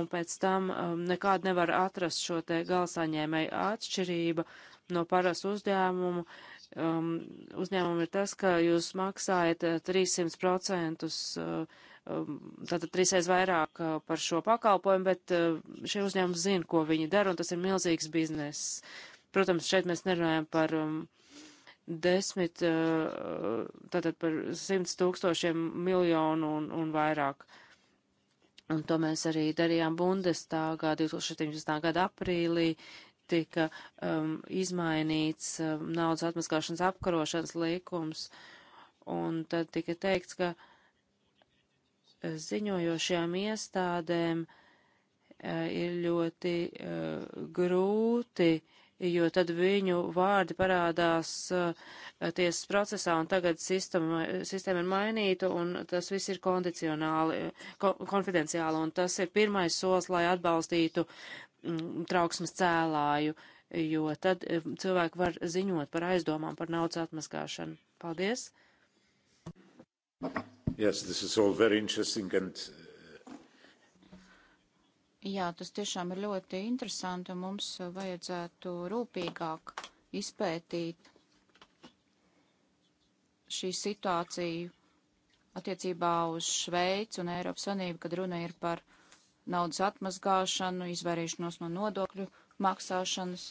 un pēc tam um, nekādi nevar atrast šo te galsaņēmēju atšķirība no parastu uzņēmumu, um, uzņēmumu ir tas, ka jūs maksājat 300% eh, eh, uh, um, tātad trīsreiz vairāk eh, par šo pakalpojumu, bet šie uzņēmumi zina, ko viņi dara, un tas ir milzīgs bizness. Protams, šeit mēs nerunājam par um, desmit, tātad par simts tūkstošiem miljonu un, un vairāk. Un to mēs arī darījām Bundestāgā 2017. gada aprīlī, tika um, izmainīts um, naudas atmaskāšanas apkarošanas likums, un tad tika teikts, ka eh, ziņojošajām iestādēm uh, ir ļoti uh, grūti uh, jo tad viņu vārdi parādās uh, tiesas procesā, un tagad sistēma, sistēma ir mainīta, un tas viss ir kondicionāli, ko, konfidenciāli, un tas ir pirmais solis, lai atbalstītu Mm, trauksmes cēlāju, jo tad eh, cilvēki var ziņot par aizdomām par naudas atmaskāšanu. Paldies! Yes, this is all very interesting and uh, Jā, tas tiešām ir ļoti interesanti, un mums vajadzētu rūpīgāk izpētīt šī situācija attiecībā uz Šveici un Eiropas Savienību, kad runa ir par naudas atmazgāšanu, izvairīšanos no nodokļu maksāšanas.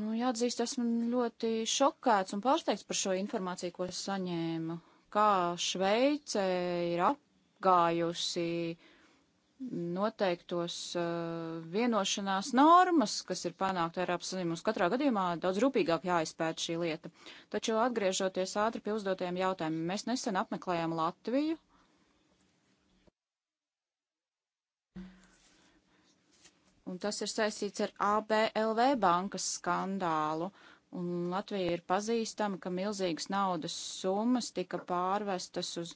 Nu, jāatzīst, esmu ļoti šokēts un pārsteigts par šo informāciju, ko es saņēmu. Kā Šveice ir apgājusi noteiktos uh, vienošanās normas, kas ir panākta Eiropas Savienības. Katrā gadījumā daudz rūpīgāk jāizpēta šī lieta. Taču atgriežoties ātri pie uzdotajiem jautājumiem, mēs nesen apmeklējām Latviju, Un tas ir saistīts ar ABLV bankas skandālu. Un Latvija ir pazīstama, ka milzīgas naudas summas tika pārvestas uz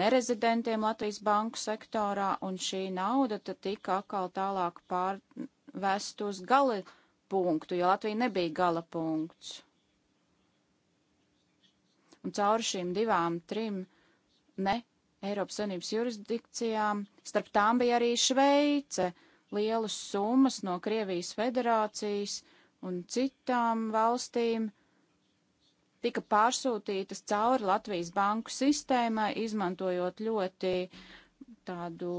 nerezidentiem Latvijas banku sektorā, un šī nauda tad tika atkal tālāk pārvest uz gali punktu, jo Latvija nebija gala punkts. Un cauri šīm divām, trim ne Eiropas Savienības jurisdikcijām, starp tām bija arī Šveice. Uh, lielas summas no Krievijas federācijas un citām valstīm tika pārsūtītas cauri Latvijas banku sistēmai, izmantojot ļoti tādu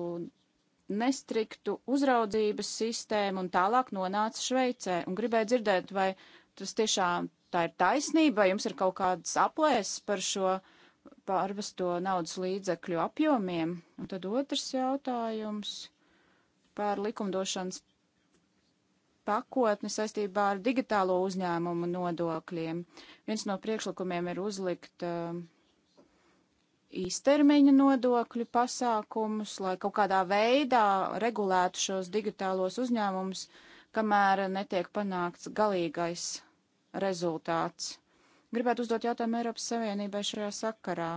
nestriktu uzraudzības sistēmu un tālāk nonāca Šveicē. Un gribēju dzirdēt, vai tas tiešām tā ir taisnība, vai jums ir kaut kādas aplēses par šo pārvesto naudas līdzekļu apjomiem. Un tad otrs jautājums par likumdošanas pakotni saistībā ar digitālo uzņēmumu nodokļiem. Viens no priekšlikumiem ir uzlikt uh, īstermiņa nodokļu pasākumus, lai kaut kādā veidā regulētu šos digitālos uzņēmumus, kamēr netiek panākts galīgais rezultāts. Gribētu uzdot jautājumu Eiropas Savienībai šajā sakarā.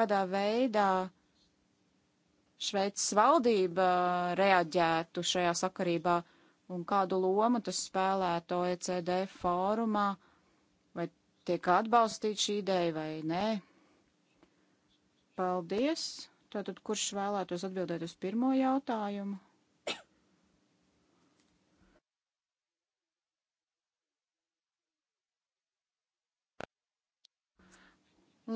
Kādā veidā Šveices valdība reaģētu šajā sakarībā un kādu lomu tas spēlētu OECD fórumā, vai tiek atbalstīta šī ideja vai nē. Paldies! Tātad, kurš vēlētos atbildēt uz pirmo jautājumu?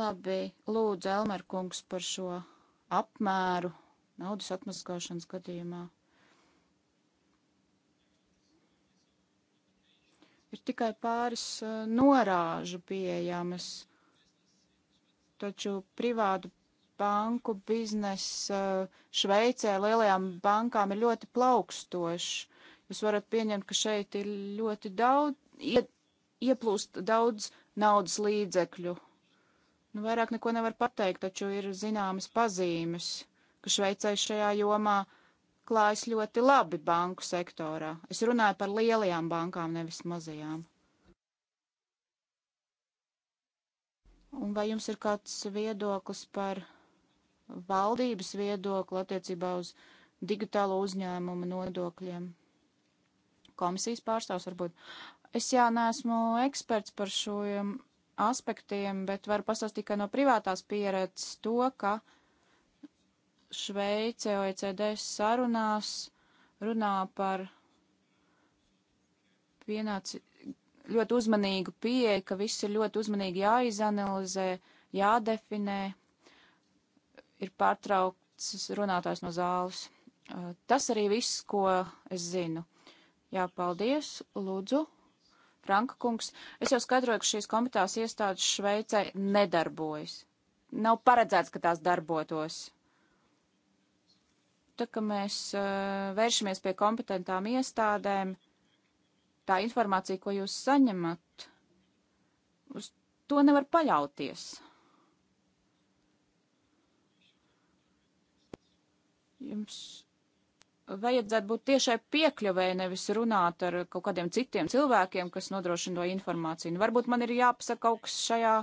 Labi, lūdzu, Elmar kungs par šo apmēru naudas atmaskāšanas gadījumā. Ir tikai pāris uh, norāžu pieejamas, taču privātu banku biznesa uh, Šveicē lielajām bankām ir ļoti plaukstošs. Jūs varat pieņemt, ka šeit ir ļoti daudz, ie, ieplūst daudz naudas līdzekļu. Nu, vairāk neko nevar pateikt, taču ir zināmas pazīmes ka Šveicē šajā jomā klājas ļoti labi banku sektorā. Es runāju par lielajām bankām, nevis mazajām. Un vai jums ir kāds viedoklis par valdības viedokli attiecībā uz digitālo uzņēmumu nodokļiem? Komisijas pārstāvs varbūt. Es jā, neesmu eksperts par šo aspektiem, bet varu pastāstīt tikai no privātās pieredzes to, ka Šveice OECD sarunās runā par pienāci ļoti uzmanīgu pieeju, ka viss ir ļoti uzmanīgi jāizanalizē, jādefinē. Ir pārtraukts runātājs no zāles. Uh, tas arī viss, ko es zinu. Jā, paldies, lūdzu. Franka kungs, es jau skaidroju, ka šīs komitās iestādes Šveicē nedarbojas. Nav paredzēts, ka tās darbotos tā ka mēs uh, vēršamies pie kompetentām iestādēm. Tā informācija, ko jūs saņemat, uz to nevar paļauties. Jums vajadzētu būt tiešai piekļuvēji, nevis runāt ar kaut kādiem citiem cilvēkiem, kas nodrošina to informāciju. Nu, varbūt man ir jāpasaka kaut kas šajā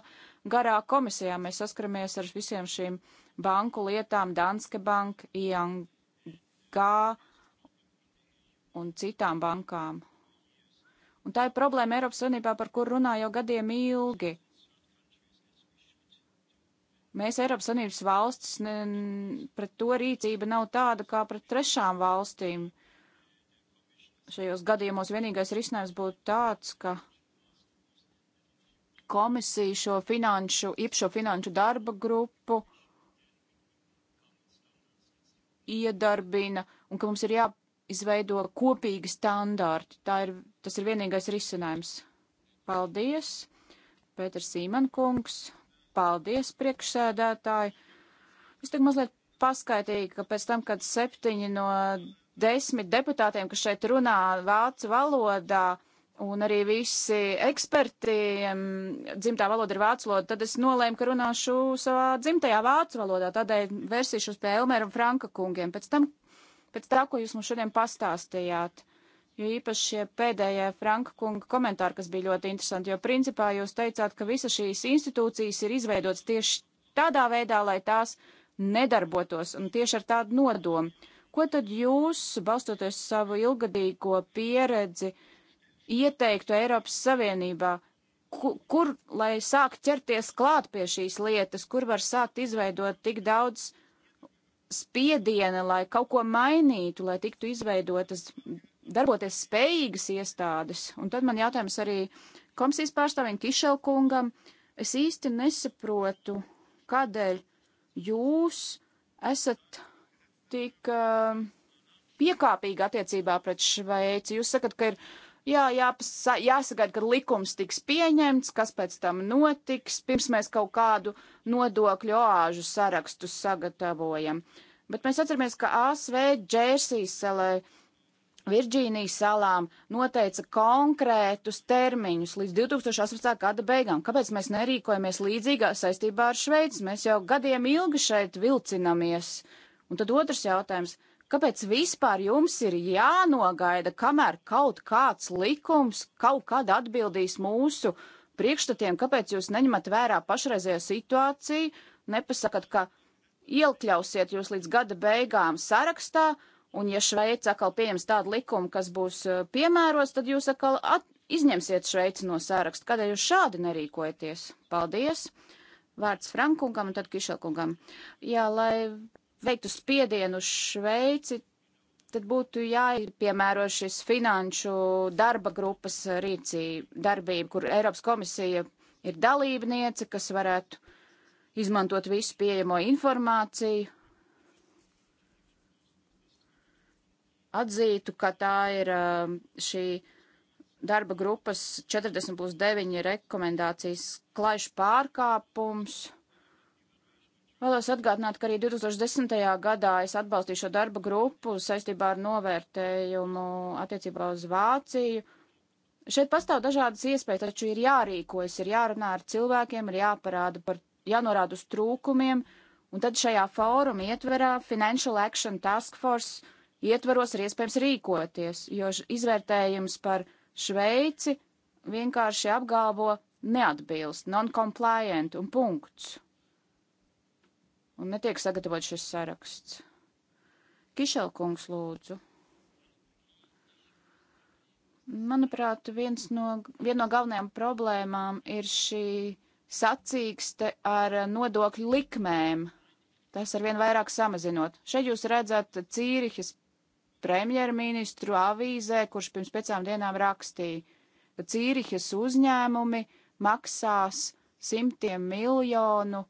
garā komisijā. Mēs saskaramies ar visiem šīm banku lietām, Danske Bank, IANG un citām bankām. Un tā ir problēma Eiropas Savienībā, par kur runā jau gadiem ilgi. Mēs Eiropas Savienības valsts, ne, pret to rīcība nav tāda kā pret trešām valstīm. Šajos gadījumos vienīgais risinājums būtu tāds, ka komisija šo finanšu, iepšo finanšu darba grupu jāiedarbina un ka mums ir jāizveido kopīgi standārti. Tā ir, tas ir vienīgais risinājums. Paldies, Pēters Sīmankungs. Paldies, priekšsēdētāji. Es tagad mazliet paskaitīju, ka pēc tam, kad septiņi no desmit deputātiem, kas šeit runā vācu valodā, un arī visi eksperti, dzimtā valoda ir vācu valoda, tad es nolēmu, ka runāšu savā dzimtajā vācu valodā, tādēļ versīšos pie Elmēra un Franka kungiem. Pēc tam, pēc tā, ko jūs mums šodien pastāstījāt, jo īpaši šie pēdējie Franka kunga komentāri, kas bija ļoti interesanti, jo principā jūs teicāt, ka visa šīs institūcijas ir izveidotas tieši tādā veidā, lai tās nedarbotos un tieši ar tādu nodomu. Ko tad jūs, balstoties savu ilgadīgo pieredzi, uh, ieteiktu Eiropas Savienībā, kur, kur lai sāk ķerties klāt pie šīs lietas, kur var sākt izveidot tik daudz spiediena, lai kaut ko mainītu, lai tiktu izveidotas darboties spējīgas iestādes. Un tad man jautājums arī komisijas pārstāvim Kišelkungam. Es īsti nesaprotu, kādēļ jūs esat tik uh, piekāpīgi attiecībā pret Šveici. Jūs sakat, ka ir uh, Jā, jāpasa, jāsagaida, kad likums tiks pieņemts, kas pēc tam notiks, pirms mēs kaut kādu nodokļu oāžu sarakstu sagatavojam. Bet mēs atceramies, ka ASV Džērsijas salai. Virģīnijas salām noteica konkrētus termiņus līdz 2018. gada beigām. Kāpēc mēs nerīkojamies līdzīgā saistībā ar Šveici? Mēs jau gadiem ilgi šeit vilcinamies. Un tad otrs jautājums Kāpēc vispār jums ir jānogaida, kamēr kaut kāds likums kaut kad atbildīs mūsu priekšstatiem? Kāpēc jūs neņemat vērā pašreizējo situāciju, nepasakat, ka iekļausiet jūs līdz gada beigām sarakstā, un ja Šveica atkal pieņems tādu likumu, kas būs eh, piemērots, tad jūs atkal izņemsiet Šveici no saraksta. Kādēļ jūs šādi nerīkojaties? Paldies! Vārds Frankungam un tad Kišelkungam. Jā, lai veiktu spiedienu uz Šveici, tad būtu jāpiemēro šis finanšu darba grupas rīcība, darbība, kur Eiropas komisija ir dalībniece, kas varētu izmantot visu pieejamo informāciju, atzītu, ka tā ir um, šī darba grupas 40 plus 9 rekomendācijas klaiš pārkāpums. Vēlos atgādināt, ka arī 2010. gadā es atbalstīju šo darba grupu saistībā ar novērtējumu attiecībā uz Vāciju. Šeit pastāv dažādas iespējas, taču ir jārīkojas, ir jārunā ar cilvēkiem, ir jāparāda par, jānorāda uz trūkumiem, un tad šajā fóruma ietverā Financial Action Task Force ietvaros ir iespējams rīkoties, jo izvērtējums par Šveici vienkārši apgalvo neatbilst, non-compliant un punkts un netiek sagatavot šis saraksts. Kišelkungs lūdzu. Manuprāt, viens no, viena no galvenajām problēmām ir šī sacīkste ar nodokļu likmēm. Tas ar vien vairāk samazinot. Šeit jūs redzat Cīrihas premjerministru avīzē, kurš pirms piecām dienām rakstīja, ka Cīrihas uzņēmumi maksās simtiem miljonu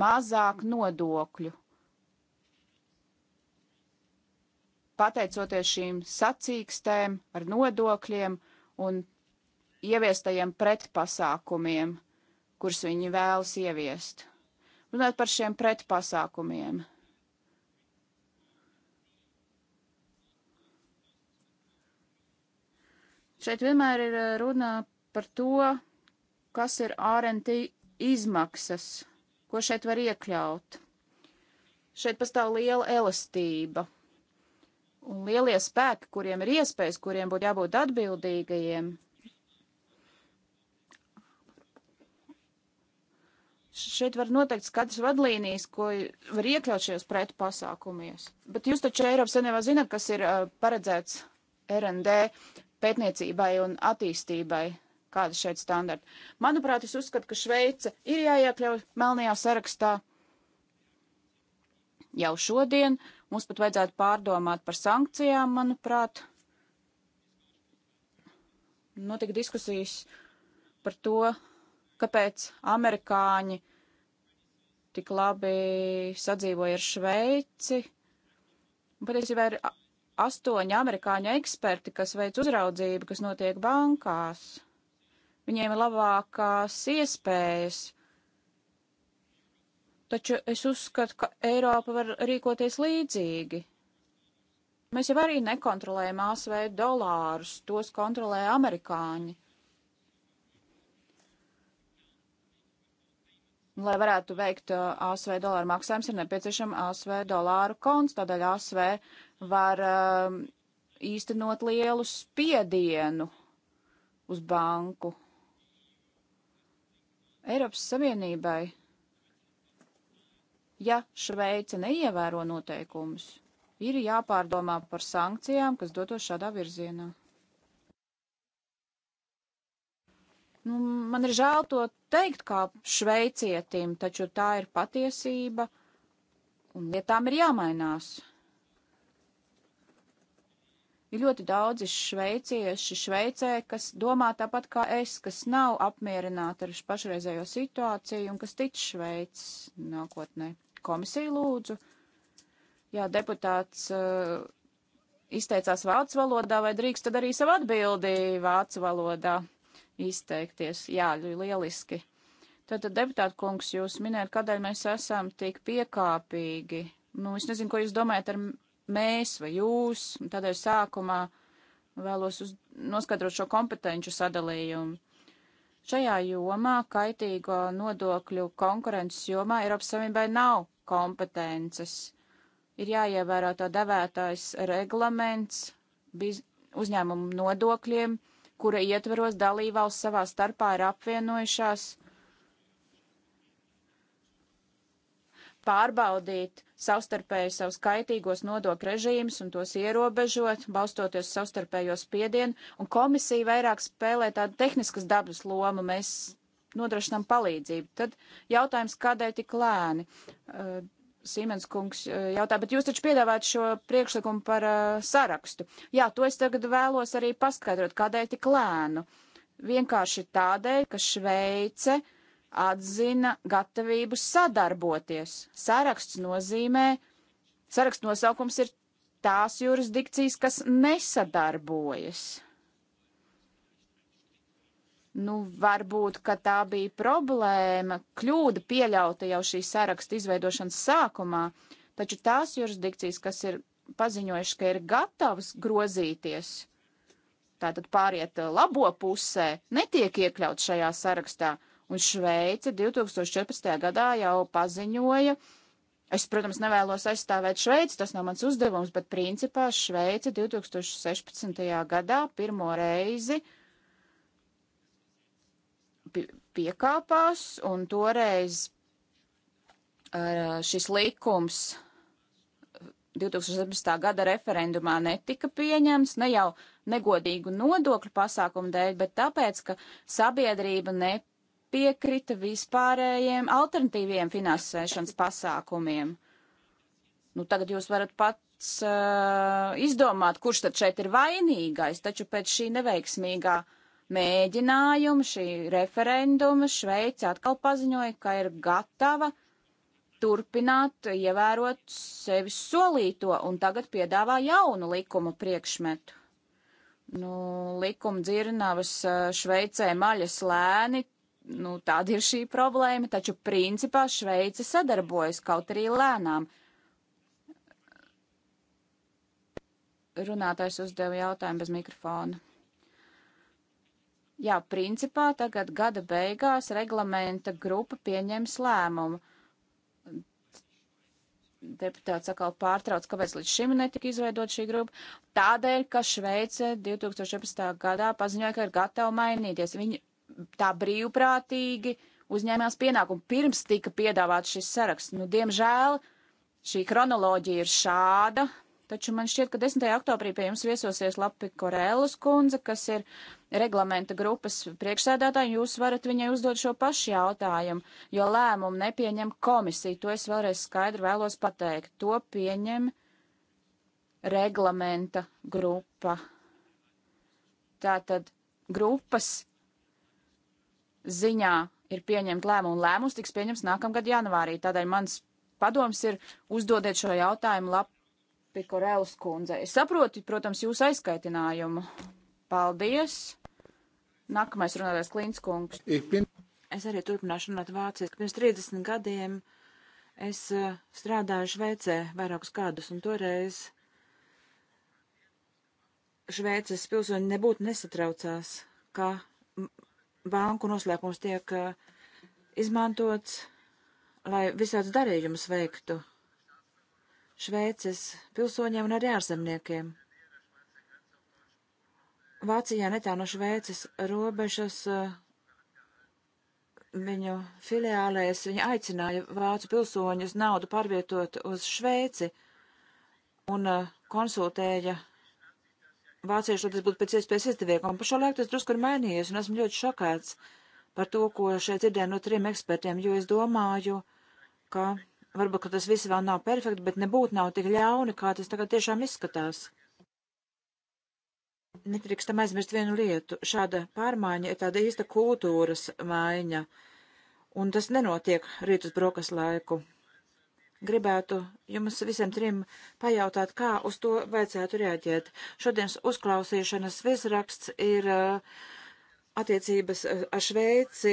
mazāk nodokļu. Pateicoties šīm sacīkstēm ar nodokļiem un ieviestajiem pretpasākumiem, kurus viņi vēlas ieviest. Runāt par šiem pretpasākumiem. Šeit vienmēr ir eh, runa par to, kas ir RNT izmaksas ko šeit var iekļaut. Šeit pastāv liela elastība. Un lielie spēki, kuriem ir iespējas, kuriem būtu jābūt atbildīgajiem, šeit var noteikt skatas vadlīnijas, ko var iekļaut šajos pretpasākumies. Bet jūs taču Eiropas Savienībā zināt, kas ir uh, paredzēts R&D pētniecībai un attīstībai kāda šeit standarta. Manuprāt, es uzskatu, ka Šveice ir jāiekļauj melnajā sarakstā jau šodien. Mums pat vajadzētu pārdomāt par sankcijām, manuprāt. Notika diskusijas par to, kāpēc amerikāņi tik labi sadzīvoja ar Šveici. Patiesībā ir astoņi amerikāņu eksperti, kas veic uzraudzību, kas notiek bankās viņiem ir labākās iespējas. Taču es uzskatu, ka Eiropa var rīkoties līdzīgi. Mēs jau arī nekontrolējam ASV dolārus, tos kontrolē amerikāņi. Lai varētu veikt uh, ASV dolāru maksājumus, ir nepieciešama ASV dolāru konts, tādēļ ASV var um, īstenot lielu spiedienu uz banku. Eiropas Savienībai, ja Šveice neievēro noteikumus, ir jāpārdomā par sankcijām, kas dotos šādā virzienā. Nu, man ir žēl to teikt kā šveicietim, taču tā ir patiesība, un lietām ir jāmainās. Ir ļoti daudzi šveicieši Šveicē, kas domā tāpat kā es, kas nav apmierināti ar pašreizējo situāciju un kas tic Šveicas nākotnē. Komisija lūdzu. Jā, deputāts uh, izteicās vācu valodā, vai drīkst tad arī savu atbildi vācu valodā izteikties? Jā, lieliski. Tātad, deputāta kungs, jūs minējat, kādēļ mēs esam tik piekāpīgi. Nu, es nezinu, ko jūs domājat ar mēs vai jūs, un tādēļ sākumā vēlos uz, noskatrot šo kompetenču sadalījumu. Šajā jomā, kaitīgo nodokļu konkurences jomā, Eiropas Savienībai nav kompetences. Ir jāievēro tā devētājs reglaments biz, uzņēmumu nodokļiem, kura ietveros dalībvalsts savā starpā ir apvienojušās pārbaudīt savstarpēji savus kaitīgos nodokļu režīmus un tos ierobežot, balstoties savstarpējo spiedienu, un komisija vairāk spēlē tādu tehniskas dabas lomu, mēs nodrošinām palīdzību. Tad jautājums, kādēļ tik lēni? Uh, Sīmens kungs uh, jautā, bet jūs taču piedāvājat šo priekšlikumu par uh, sarakstu. Jā, to es tagad vēlos arī paskaidrot, kādēļ tik lēnu. Vienkārši tādēļ, ka Šveice uh, atzina gatavību sadarboties. Saraksts nozīmē, saraksts nosaukums ir tās jurisdikcijas, kas nesadarbojas. Nu, varbūt, ka tā bija problēma, kļūda pieļauta jau šī saraksta izveidošanas sākumā, taču tās jurisdikcijas, kas ir paziņojuši, ka ir gatavs grozīties, tātad pāriet labo pusē, netiek iekļaut šajā sarakstā. Un Šveice 2014. gadā jau paziņoja, es, protams, nevēlos aizstāvēt Šveici, tas nav mans uzdevums, bet principā Šveice 2016. gadā pirmo reizi piekāpās un toreiz šis likums 2017. gada referendumā netika pieņems ne jau negodīgu nodokļu pasākumu dēļ, bet tāpēc, ka sabiedrība ne, piekrita vispārējiem alternatīviem finansēšanas pasākumiem. Nu, tagad jūs varat pats uh, izdomāt, kurš tad šeit ir vainīgais, taču pēc šī neveiksmīgā mēģinājuma, šī referenduma, Šveica atkal paziņoja, ka ir gatava turpināt ievērot sevi solīto un tagad piedāvā jaunu likuma priekšmetu. Nu, likuma dzirnavas eh, Šveicē maļas lēni, nu, tāda ir šī problēma, taču principā Šveice sadarbojas kaut arī lēnām. Runātājs uzdeva jautājumu bez mikrofona. Jā, principā tagad gada beigās reglamenta grupa pieņems lēmumu. Deputāts atkal pārtrauc, kāpēc līdz šim netika izveidot šī grupa. Tādēļ, ka Šveice 2017. gadā paziņoja, ka ir gatava mainīties. Viņi tā brīvprātīgi uzņēmās pienākumu pirms tika piedāvāts šis saraksts. Nu, diemžēl šī kronoloģija ir šāda, taču man šķiet, ka 10. oktobrī pie jums viesosies Lapi Korēlus kundze, kas ir reglamenta grupas priekšsēdētāja, jūs varat viņai uzdot šo pašu jautājumu, jo lēmumu nepieņem komisija. To es vēlreiz skaidri vēlos pateikt. To pieņem reglamenta grupa. Tātad grupas ziņā ir pieņemt lēmumu. Lēmums tiks pieņems nākamgad janvārī. Tādēļ mans padoms ir uzdodiet šo jautājumu Lapi Korēlas kundzei. Es saprotu, protams, jūsu aizskaitinājumu. Paldies! Nākamais runātājs Klīns kungs. Es arī turpināšu runāt vāciski. Pirms 30 gadiem es eh, strādāju Šveicē vairākus gadus, un toreiz Šveices pilsoņi nebūtu nesatraucās, ka banku noslēpums tiek eh, izmantots, lai visāds darījumus veiktu Šveices pilsoņiem un arī ārzemniekiem. Vācijā netā no Šveices robežas eh, viņu filiālēs viņa aicināja vācu pilsoņus naudu pārvietot uz Šveici un eh, konsultēja vācieši, lai tas būtu pēc iespējas izdevīgāk. Un pašā laikā tas drusku ir mainījies, un esmu ļoti šokēts par to, ko šeit dzirdēju no trim ekspertiem, jo es domāju, ka varbūt, ka tas viss vēl nav perfekti, bet nebūtu nav tik ļauni, kā tas tagad tiešām izskatās. Netrīkstam aizmirst vienu lietu. Šāda pārmaiņa ir tāda īsta kultūras maiņa, un tas nenotiek rītus brokas laiku gribētu jums visiem trim pajautāt, kā uz to vajadzētu reaģēt. Šodienas uzklausīšanas visraksts ir uh, attiecības uh, ar Šveici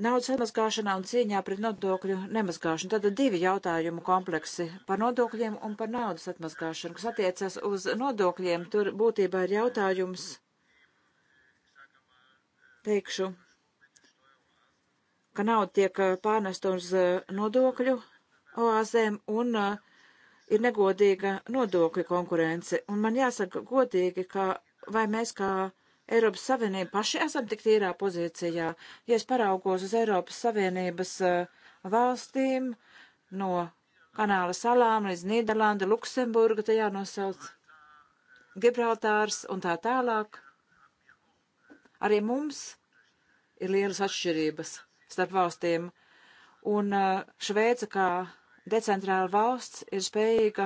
naudas atmazgāšanā un cīņā pret nodokļu nemazgāšanu. Tad divi jautājumu kompleksi par nodokļiem un par naudas atmazgāšanu, kas attiecas uz nodokļiem. Tur būtībā ir jautājums, teikšu, ka nauda tiek uh, pārnest uz nodokļu oāzēm un uh, ir negodīga nodokļa konkurence. Un man jāsaka godīgi, ka vai mēs kā Eiropas Savienība paši esam tik tīrā pozīcijā, ja es paraugos uz Eiropas Savienības uh, valstīm no Kanāla salām līdz Nīderlanda, Luksemburga, te jānosauc Gibraltārs un tā tālāk. Arī mums ir lielas atšķirības starp valstīm. Un uh, Šveica kā decentrāla valsts ir spējīga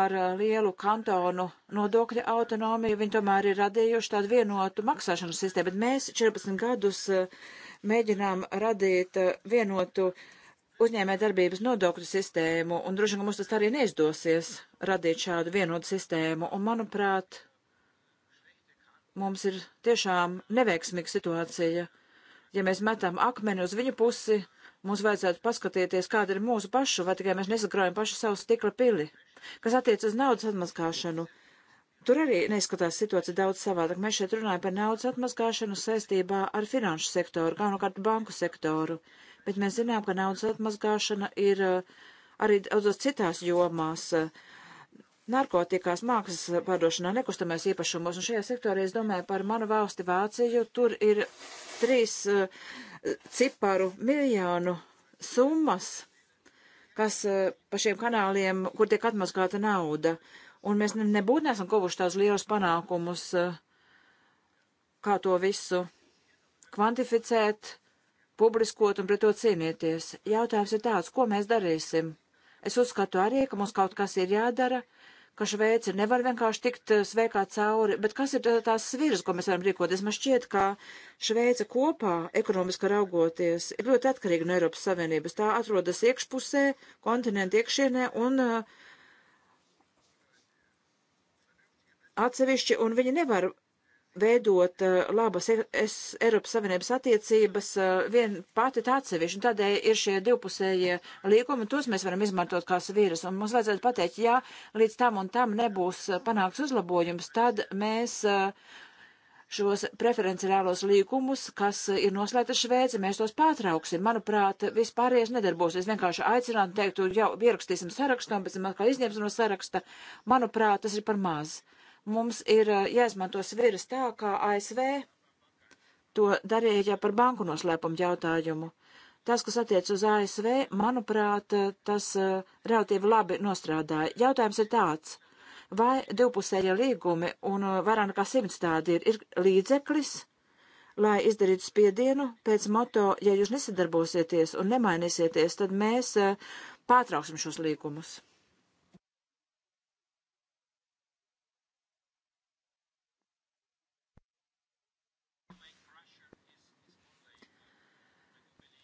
ar uh, lielu kantonu nodokļa autonomiju. Viņi tomēr ir radījuši tādu vienotu maksāšanas sistēmu, bet mēs 14 gadus uh, mēģinām radīt uh, vienotu uzņēmē darbības nodokļu sistēmu, un droši vien mums tas arī neizdosies radīt šādu vienotu sistēmu. Un, manuprāt, mums ir tiešām neveiksmīga situācija, ja mēs metam akmeni uz viņu pusi, uh, Mums vajadzētu paskatīties, kāda ir mūsu pašu, vai tikai mēs nesagrājam pašu savu stikla pili, kas attiec uz naudas atmazgāšanu. Tur arī neizskatās situācija daudz savādāk. Mēs šeit runājam par naudas atmazgāšanu saistībā ar finanšu sektoru, galvenokārt banku sektoru, bet mēs zinām, ka naudas atmazgāšana ir uh, arī daudzos citās jomās uh, narkotikās, mākslas pārdošanā, nekustamais īpašumos. Un šajā sektorā es domāju par manu valsti Vāciju. Tur ir trīs uh, ciparu miljānu summas, kas eh, pa šiem kanāliem, kur tiek atmazgāta nauda. Un mēs nebūtu nesam kovuši tās liels panākumus, eh, kā to visu kvantificēt, publiskot un pret to cīnīties. Jautājums ir tāds, ko mēs darīsim? Es uzskatu arī, ka mums kaut kas ir jādara. Uh, ka Šveice nevar vienkārši tikt eh, sveikā cauri, bet kas ir tās sviras, ko mēs varam rīkoties? Man šķiet, ka Šveice kopā, ekonomiski raugoties, ir ļoti atkarīga no Eiropas Savienības. Tā atrodas iekšpusē, kontinenta iekšienē un eh, atsevišķi, un viņi nevar veidot uh, labas e- es, Eiropas Savienības attiecības uh, vien pati tā atsevišķi, un tādēļ ir šie divpusējie līgumi, un tos mēs varam izmantot kā svīras, un mums vajadzētu pateikt, ja līdz tam un tam nebūs eh, panāks uzlabojums, tad mēs uh, šos preferenciālos līgumus, kas ir noslēgti ar Šveici, mēs tos pārtrauksim. Manuprāt, vispārējais nedarbosies. Vienkārši aicināt un teikt, jau ierakstīsim sarakstu, un pēc tam atkal izņemsim no saraksta. Manuprāt, tas ir par maz. Uh, mums ir eh, jāizmanto sviras tā, kā ASV to darīja par banku noslēpumu jautājumu. Tas, kas attiec uz ASV, manuprāt, eh, tas eh, relatīvi labi nostrādāja. Jautājums ir tāds, vai divpusēja līgumi un vairāk nekā simts tādi ir, ir līdzeklis, lai izdarītu spiedienu pēc moto, ja jūs nesadarbosieties un nemainīsieties, tad mēs pārtrauksim šos līgumus.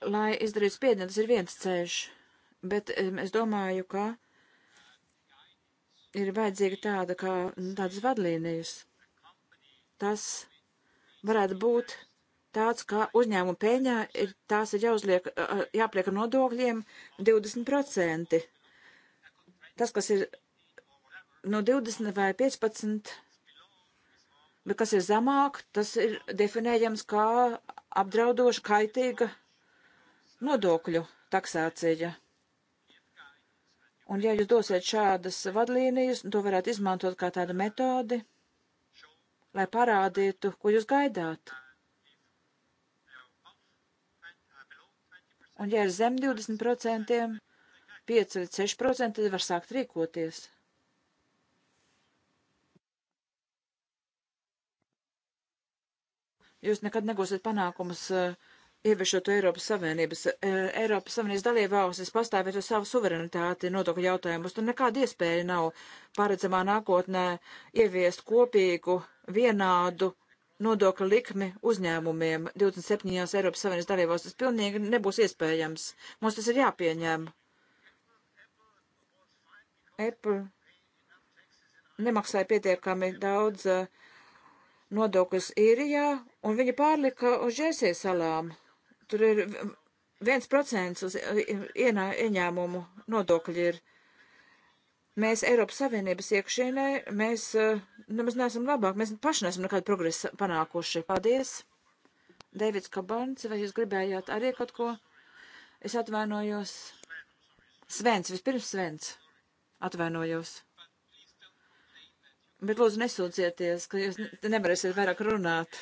lai izdarītu spiedienu, tas ir viens ceļš, bet es domāju, ka ir vajadzīga tāda kā nu, tādas vadlīnijas. Tas varētu būt tāds, ka uzņēmuma peļņā ir, tās ir jāuzliek, jāpliek ar nodokļiem 20%. Tas, kas ir no 20 vai 15, bet kas ir zemāk, tas ir definējams kā apdraudoša, kaitīga nodokļu taksācija. Un ja jūs dosiet šādas vadlīnijas, to varētu izmantot kā tādu metodi, lai parādītu, ko jūs gaidāt. Un ja ir zem 20%, 5 līdz 6%, tad var sākt rīkoties. Jūs nekad negūsiet panākumus uh, ieviešot Eiropas Savienības, e, Eiropas Savienības dalībvalstis pastāvēt uz savu suverenitāti nodokļu jautājumus. Tur nekāda iespēja nav paredzamā nākotnē ieviest kopīgu, vienādu nodokļu likmi uzņēmumiem 27. Eiropas Savienības dalībvalstis. Tas pilnīgi nebūs iespējams. Mums tas ir jāpieņem. Apple nemaksāja pietiekami daudz e, nodokļus īrijā, un viņi pārlika uz Jēsijas salām. Tur ir viens procents uz ienā, ieņēmumu nodokļi ir. Mēs Eiropas Savienības iekšienē, mēs eh, nemaz neesam labāk, mēs paši neesam nekādu progresu panākuši. Paldies! Dēvids Kabans, vai jūs gribējāt arī kaut ko? Es atvainojos. Svens, vispirms Svens. Atvainojos. Bet lūdzu nesūdzieties, ka jūs nevarēsiet vairāk runāt.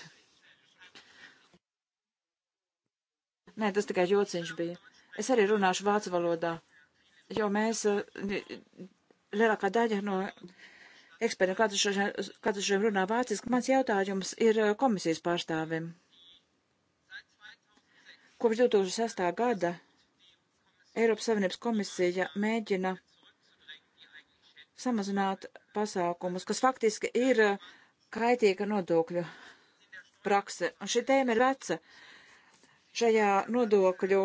Nē, tas tikai jociņš bija. Es arī runāšu vācu valodā, jo mēs eh, lielākā daļa no ekspertiem, katrs šiem runā vāciski, mans jautājums ir eh, komisijas pārstāvim. Kopš 2006. gada Eiropas Savienības komisija mēģina samazināt pasākumus, kas faktiski ir eh, kaitīga nodokļu prakse. Un šī tēma ir veca. Uh, Šajā nodokļu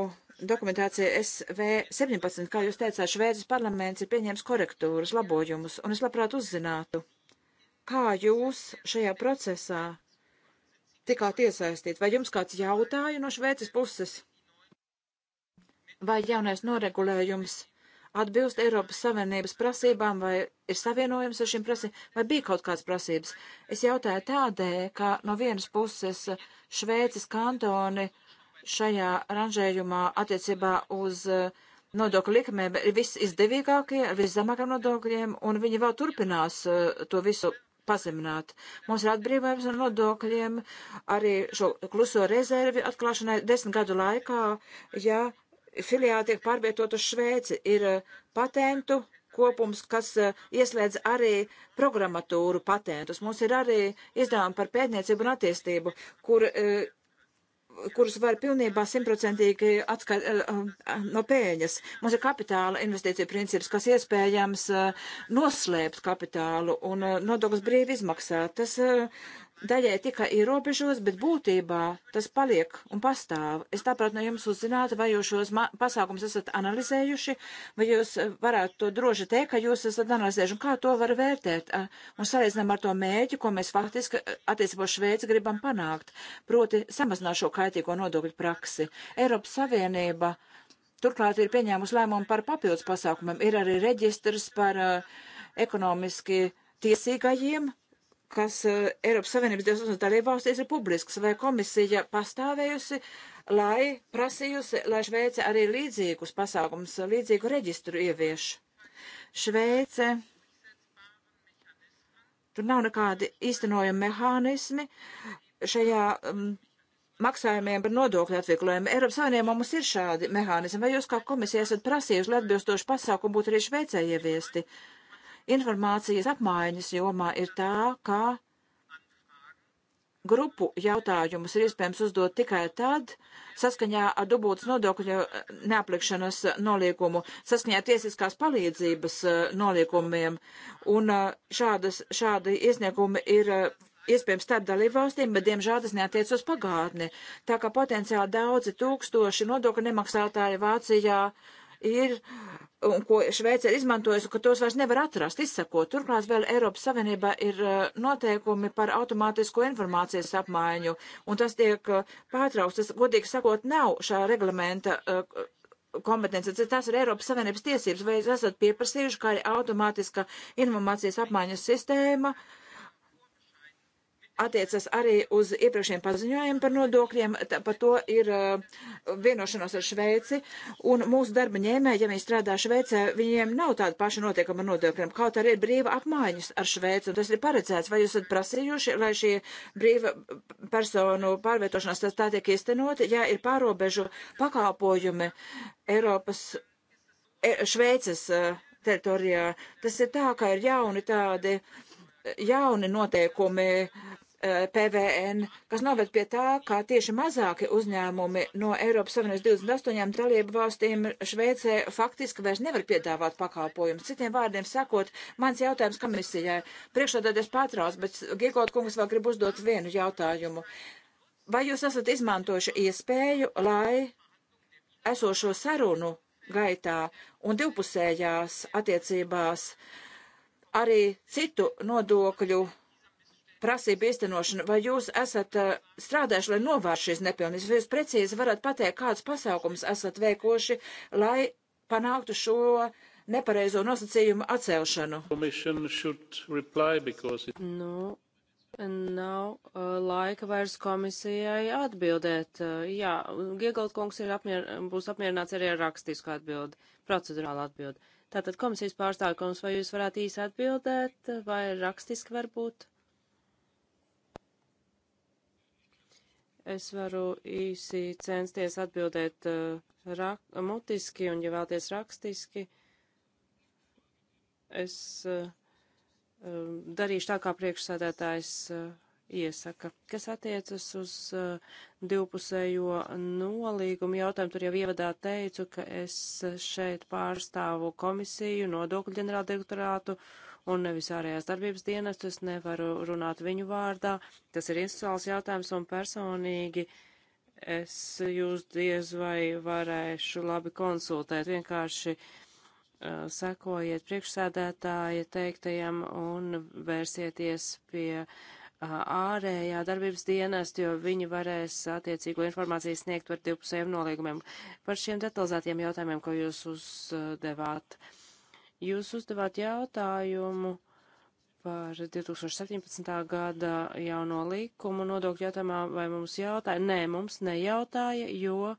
dokumentācija SV17, kā jūs teicāt, Šveicis parlaments ir pieņēmis korektūras, labojumus, un es labprāt uzzinātu, kā jūs šajā procesā tikāt iesaistīt. Vai jums kāds jautāja no Šveicis puses? Vai jaunais noregulējums atbilst Eiropas Savienības prasībām, vai ir savienojums ar šīm prasībām, vai bija kaut kādas prasības? Es jautāju tādēļ, ka no vienas puses Šveicis kantoni uh, šajā ranžējumā attiecībā uz eh, nodokļu likmēm ir viss izdevīgākie, ar viszemākiem nodokļiem, un viņi vēl turpinās eh, to visu pazemināt. Mums ir atbrīvojums no nodokļiem, arī šo kluso rezervi atklāšanai desmit gadu laikā, ja filiāli tiek pārvietot uz Šveici, ir eh, patentu kopums, kas ieslēdz arī programmatūru patentus. Mums ir arī izdevumi par pētniecību un attīstību, kur kurus var pilnībā simtprocentīgi atskat eh, eh, no pēļņas. Mums ir kapitāla investīcija princips, kas iespējams eh, noslēpt kapitālu un nodokļus brīvi izmaksāt. Tas daļai tikai ierobežos, bet būtībā tas paliek un pastāv. Es tāprāt no jums uzzinātu, vai jūs šos pasākumus esat analizējuši, vai jūs eh, varētu to droši teikt, ka jūs esat analizējuši, un kā to var vērtēt, eh, un salīdzinām ar to mēģi, ko mēs faktiski eh, attiecībā Šveici gribam panākt, proti samazināt šo kaitīgo nodokļu praksi. Eiropas Savienība turklāt ir pieņēmusi lēmumu par papildus pasākumiem, ir arī reģistrs par uh, ekonomiski tiesīgajiem, kas eh, Eiropas Savienības 28 dalībvalstīs ir publisks, vai komisija pastāvējusi, lai prasījusi, lai Šveice arī līdzīgus pasākums, līdzīgu reģistru ievieš. Šveice. Tur nav nekādi īstenojami mehānismi šajā um, maksājumiem par nodokļu atvieglojumu. Eiropas Savienībā mums ir šādi mehānismi. Vai jūs kā komisija esat prasījuši, lai atbilstoši pasākumi būtu arī Šveicē ieviesti? Uh, informācijas apmaiņas jomā ir tā, ka grupu jautājumus ir iespējams uzdot tikai tad, saskaņā ar dubultas nodokļu eh, neaplikšanas eh, nolīgumu, saskaņā tiesiskās palīdzības eh, nolīgumiem. Un šādas, šādi iesniegumi ir iespējams starp dalībvalstīm, bet diemžēl tas neatiec uz pagātni, tā kā potenciāli daudzi tūkstoši nodokļu nemaksātāji Vācijā uh, ir, un ko Šveice ir izmantojusi, ka tos vairs nevar atrast, izsakot. Turklāt vēl Eiropas Savienībā ir e, noteikumi par automātisko informācijas apmaiņu, un tas tiek e, pārtraukts. Tas, godīgi sakot, nav šā reglamenta e, kompetence, tas ir Eiropas Savienības tiesības, vai esat pieprasījuši, kā arī automātiska informācijas apmaiņas sistēma, uh, attiecas arī uz iepriekšējiem paziņojumiem par nodokļiem. Tā, par to ir uh, vienošanos ar Šveici. Un mūsu darba ņēmēji, ja viņi strādā Šveicē, viņiem nav tāda paša notiekama nodokļiem. Kaut arī ir brīva apmaiņas ar Šveici, un tas ir paredzēts. Vai jūs esat prasījuši, lai šie brīva personu pārvietošanās tas tā tiek īstenoti, ja ir pārobežu pakalpojumi Eiropas, e, Šveices uh, teritorijā? Tas ir tā, ka ir jauni tādi jauni noteikumi Eh, PVN, kas noved pie tā, ka tieši mazāki uzņēmumi no Eiropas Savienības 28 dalību valstīm Šveicē faktiski vairs nevar piedāvāt pakalpojumus. Citiem vārdiem sakot, mans jautājums komisijai. Priekšādādies pārtrauc, bet Gigot kungs vēl grib uzdot vienu jautājumu. Vai jūs esat izmantojuši iespēju, lai esošo sarunu gaitā un divpusējās attiecībās arī citu nodokļu prasību īstenošanu, vai jūs esat eh, strādājuši, lai novērš šīs nepilnības, vai jūs precīzi varat pateikt, kāds pasākums esat veikoši, lai panāktu šo nepareizo nosacījumu atcelšanu? Nu, Nav uh, laika vairs komisijai atbildēt. Uh, jā, Giegald kungs ir apmier, būs apmierināts arī ar rakstisku atbildi, procedurālu atbildi. Tātad komisijas pārstāvkums, vai jūs varētu īsi atbildēt, vai rakstiski varbūt? Es varu īsi censties atbildēt eh, rak, mutiski un, ja vēlties rakstiski, es eh, um, darīšu tā, kā priekšsēdētājs eh, iesaka. Kas attiecas uz divpusējo nolīgumu jautājumu, tur jau ievadā teicu, ka es šeit pārstāvu komisiju, nodokļu ģenerāldirektorātu direktorātu un nevis ārējās darbības dienestus, nevaru runāt viņu vārdā. Tas ir institucionāls jautājums un personīgi es jūs diez vai varēšu labi konsultēt. Vienkārši uh, sekojiet priekšsēdētāja teiktajam un vērsieties pie uh, ārējā darbības dienestu, jo viņi varēs attiecīgo informāciju sniegt par divpusējiem nolīgumiem. Par šiem detalizētiem jautājumiem, ko jūs uzdevāt. Uh, Jūs uzdevāt jautājumu par 2017. gada jauno likumu nodokļu jautājumā, vai mums jautāja? Nē, mums nejautāja, jo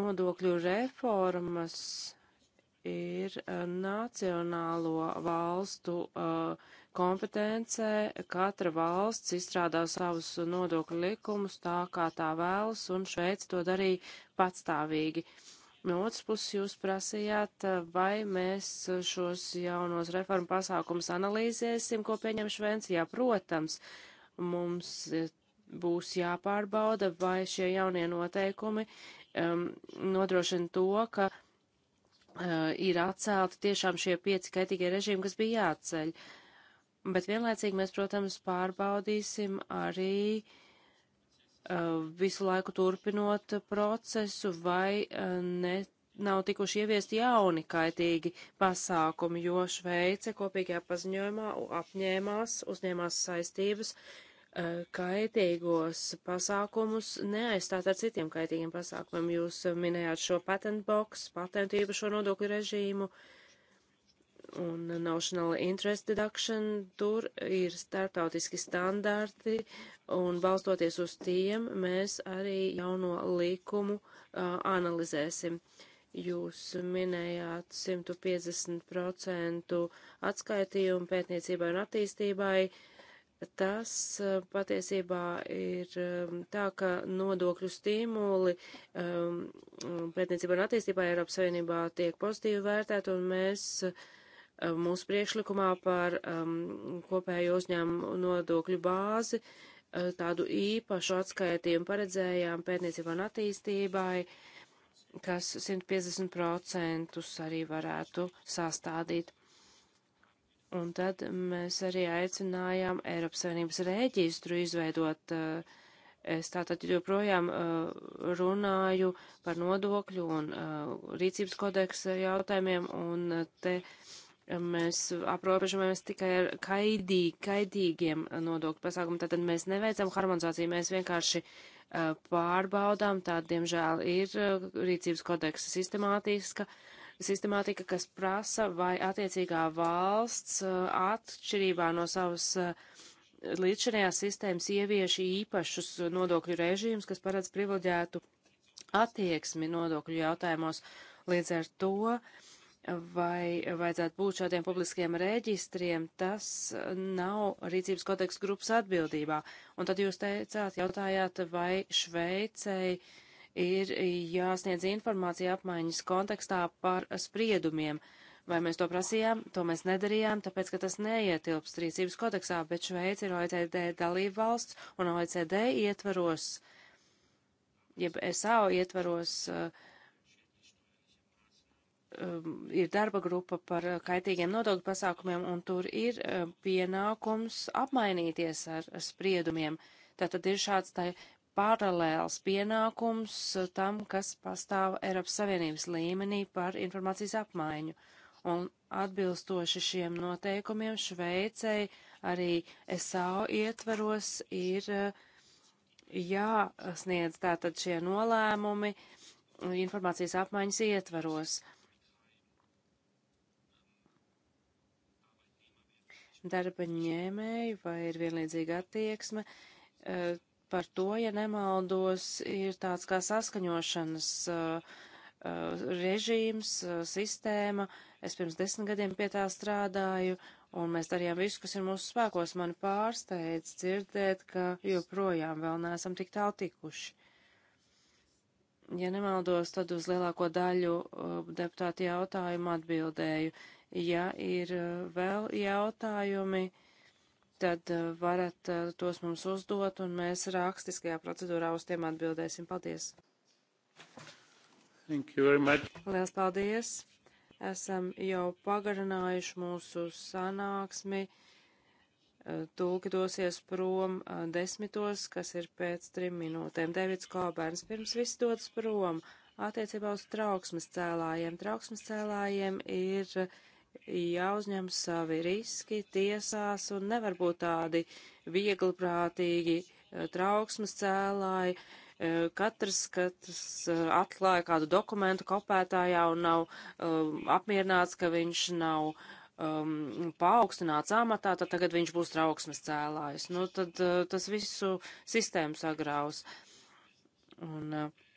nodokļu reformas ir uh, nacionālo valstu uh, kompetencē. Katra valsts izstrādā savus nodokļu likumus tā, kā tā vēlas, un Šveica to darīja patstāvīgi. Uh, No otras puses, jūs prasījāt, eh, vai mēs eh, šos jaunos reformu pasākumus analīzēsim, ko pieņem Švencijā. Protams, mums eh, būs jāpārbauda, vai šie jaunie noteikumi um, nodrošina to, ka uh, ir atcelti tiešām šie pieci kaitīgie režīmi, kas bija jāatceļ. Bet vienlaicīgi mēs, protams, pārbaudīsim arī uh, Uh, visu laiku turpinot procesu, vai uh, ne, nav tikuši ieviesti jauni kaitīgi pasākumi, jo Šveice kopīgajā paziņojumā apņēmās, uzņēmās saistības uh, kaitīgos pasākumus neaizstāt ar citiem kaitīgiem pasākumiem. Jūs minējāt šo patent box, patentu īpašo nodokļu režīmu. Uh, un National Interest Deduction, tur ir startautiski standarti, un balstoties uz tiem mēs arī jauno likumu uh, analizēsim. Jūs minējāt 150% atskaitījumu pētniecībai un attīstībai. Tas uh, patiesībā ir um, tā, ka nodokļu stimuli um, pētniecībai un attīstībai Eiropas Savienībā tiek pozitīvi vērtēt, un mēs uh, Eh, mūsu priekšlikumā par um, kopēju uzņēmumu nodokļu bāzi eh, tādu īpašu atskaitījumu paredzējām pētniecībā un attīstībai, kas 150% arī varētu sastādīt. Un tad mēs arī aicinājām Eiropas Savienības rēģistru izveidot. Eh, es tātad joprojām runāju par nodokļu un rīcības kodeksa jautājumiem, un te uh, mēs aprobežojamies tikai ar kaidī, kaidīgiem nodokļu pasākumiem, tātad mēs neveicam harmonizāciju, mēs vienkārši uh, pārbaudām, tā diemžēl ir uh, rīcības kodeksa sistemātiska, sistemātika, kas prasa, vai attiecīgā valsts uh, atšķirībā no savas līdzšanējās sistēmas ievieš īpašus nodokļu režīmus, kas paredz privileģētu attieksmi nodokļu jautājumos. Līdz ar to uh, vai vajadzētu būt šādiem publiskiem reģistriem, tas nav rīcības kodeksa grupas atbildībā. Un tad jūs teicāt, jautājāt, vai Šveicei ir jāsniedz informācija apmaiņas kontekstā par spriedumiem. Vai mēs to prasījām? To mēs nedarījām, tāpēc, ka tas neietilpst rīcības kodeksā, bet Šveica ir OECD dalība valsts un OECD ietvaros, jeb SAO ietvaros uh, Um, ir darba grupa par uh, kaitīgiem nodokļu pasākumiem, un tur ir uh, pienākums apmainīties ar spriedumiem. Tātad ir šāds tā paralēls pienākums uh, tam, kas pastāv Eiropas Savienības līmenī par informācijas apmaiņu. Un atbilstoši šiem noteikumiem Šveicei arī SAO ietvaros ir jāsniedz tātad šie nolēmumi informācijas apmaiņas ietvaros. Uh, darba ņēmēju, vai ir vienlīdzīga attieksme. Eh, par to, ja nemaldos, ir tāds kā saskaņošanas eh, eh, režīms, sistēma. Es pirms desmit gadiem pie tā strādāju, un mēs darījām visu, kas ir mūsu spēkos. Mani pārsteidz dzirdēt, ka joprojām vēl neesam tik tālu tikuši. Ja nemaldos, tad uz lielāko daļu deputātu jautājumu atbildēju. Ja ir eh, vēl jautājumi, tad eh, varat eh, tos mums uzdot, un mēs rakstiskajā procedūrā uz tiem atbildēsim. Paldies! Lielas paldies! Esam jau pagarinājuši mūsu sanāksmi. Tūki dosies prom desmitos, kas ir pēc trim minūtēm. Devits Kobērns pirms viss dodas prom attiecībā uz trauksmes cēlājiem. Trauksmes cēlājiem ir jāuzņem savi riski tiesās un nevar būt tādi viegli prātīgi eh, trauksmes cēlāji. Eh, katrs, katrs eh, atklāja kādu dokumentu kopētājā un nav um, apmierināts, ka viņš nav um, paaugstināts amatā, tad tagad viņš būs trauksmes cēlājs. Nu, tad uh, tas visu sistēmu sagraus. Un, uh,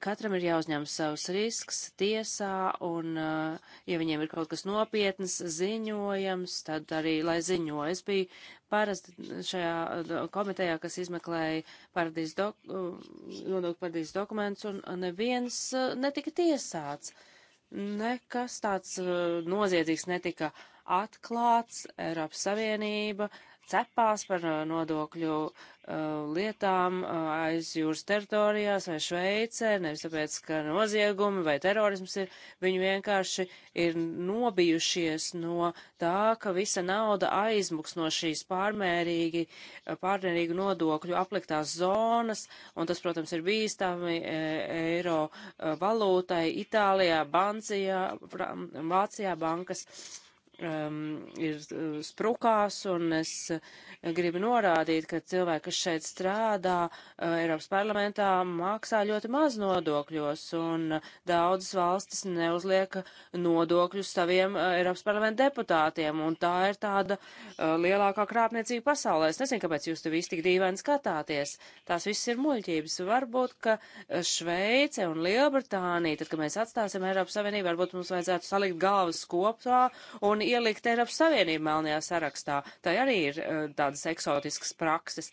katram ir jāuzņem savs risks tiesā, un, eh, ja viņiem ir kaut kas nopietnas ziņojams, tad arī, lai ziņo. Es biju parasti šajā eh, komitejā, kas izmeklēja paradīzes dok eh, paradīz dokumentus, un neviens netika tiesāts. Nekas tāds noziedzīgs netika atklāts. Eiropas Savienība cepās par nodokļu lietām aiz jūras teritorijās vai Šveicē, nevis tāpēc, ka noziegumi vai terorisms ir, viņi vienkārši ir nobijušies no tā, ka visa nauda aizmuks no šīs pārmērīgi, pārmērīgi nodokļu apliktās zonas, un tas, protams, ir bīstami eiro valūtai Itālijā, Bancijā, Vācijā bankas um, ir uh, sprukās, un es uh, gribu norādīt, ka cilvēki, kas šeit strādā uh, Eiropas parlamentā, maksā ļoti maz nodokļos, un uh, daudzas valstis neuzliek nodokļus saviem uh, Eiropas parlamenta deputātiem, un tā ir tāda uh, lielākā krāpniecība pasaulē. Es nezinu, kāpēc jūs te visi tik dīvaini skatāties. Tās viss ir muļķības. Varbūt, ka Šveice un Lielbritānija, tad, kad mēs atstāsim Eiropas Savienību, varbūt mums vajadzētu salikt galvas kopā un un ielikt Eiropas Savienību melnajā sarakstā. Tā arī ir uh, tādas eksotiskas prakses.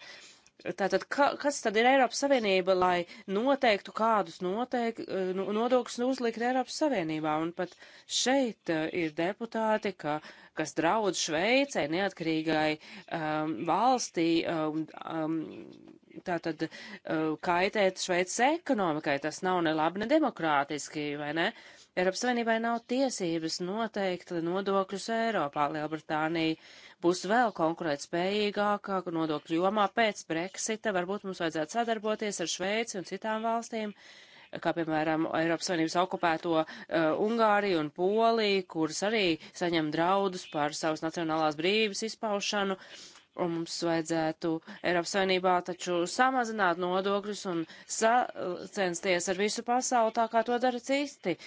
Tātad, ka, kas tad ir Eiropas Savienība, lai noteiktu kādus noteik, eh, nodokļus uzlikt Eiropas Savienībā? Un pat šeit eh, ir deputāti, ka, kas draud Šveicē, neatkarīgai um, valstī, um, um, tātad uh, kaitēt Šveices ekonomikai. Tas nav ne labi, ne demokrātiski, vai ne? Uh, Eiropas Savienībai nav tiesības noteikt nodokļus Eiropā. Lielbritānija būs vēl konkurētspējīgākā nodokļu jomā pēc Brexita. Varbūt mums vajadzētu sadarboties ar Šveici un citām valstīm, kā piemēram Eiropas Savienības okupēto uh, Ungāriju un Poliju, kuras arī saņem draudus par savas nacionālās brīvības izpaušanu. Uh, Un mums vajadzētu Eiropas Savienībā taču samazināt nodokļus un sacensties ar visu pasauli tā, kā to dara citi.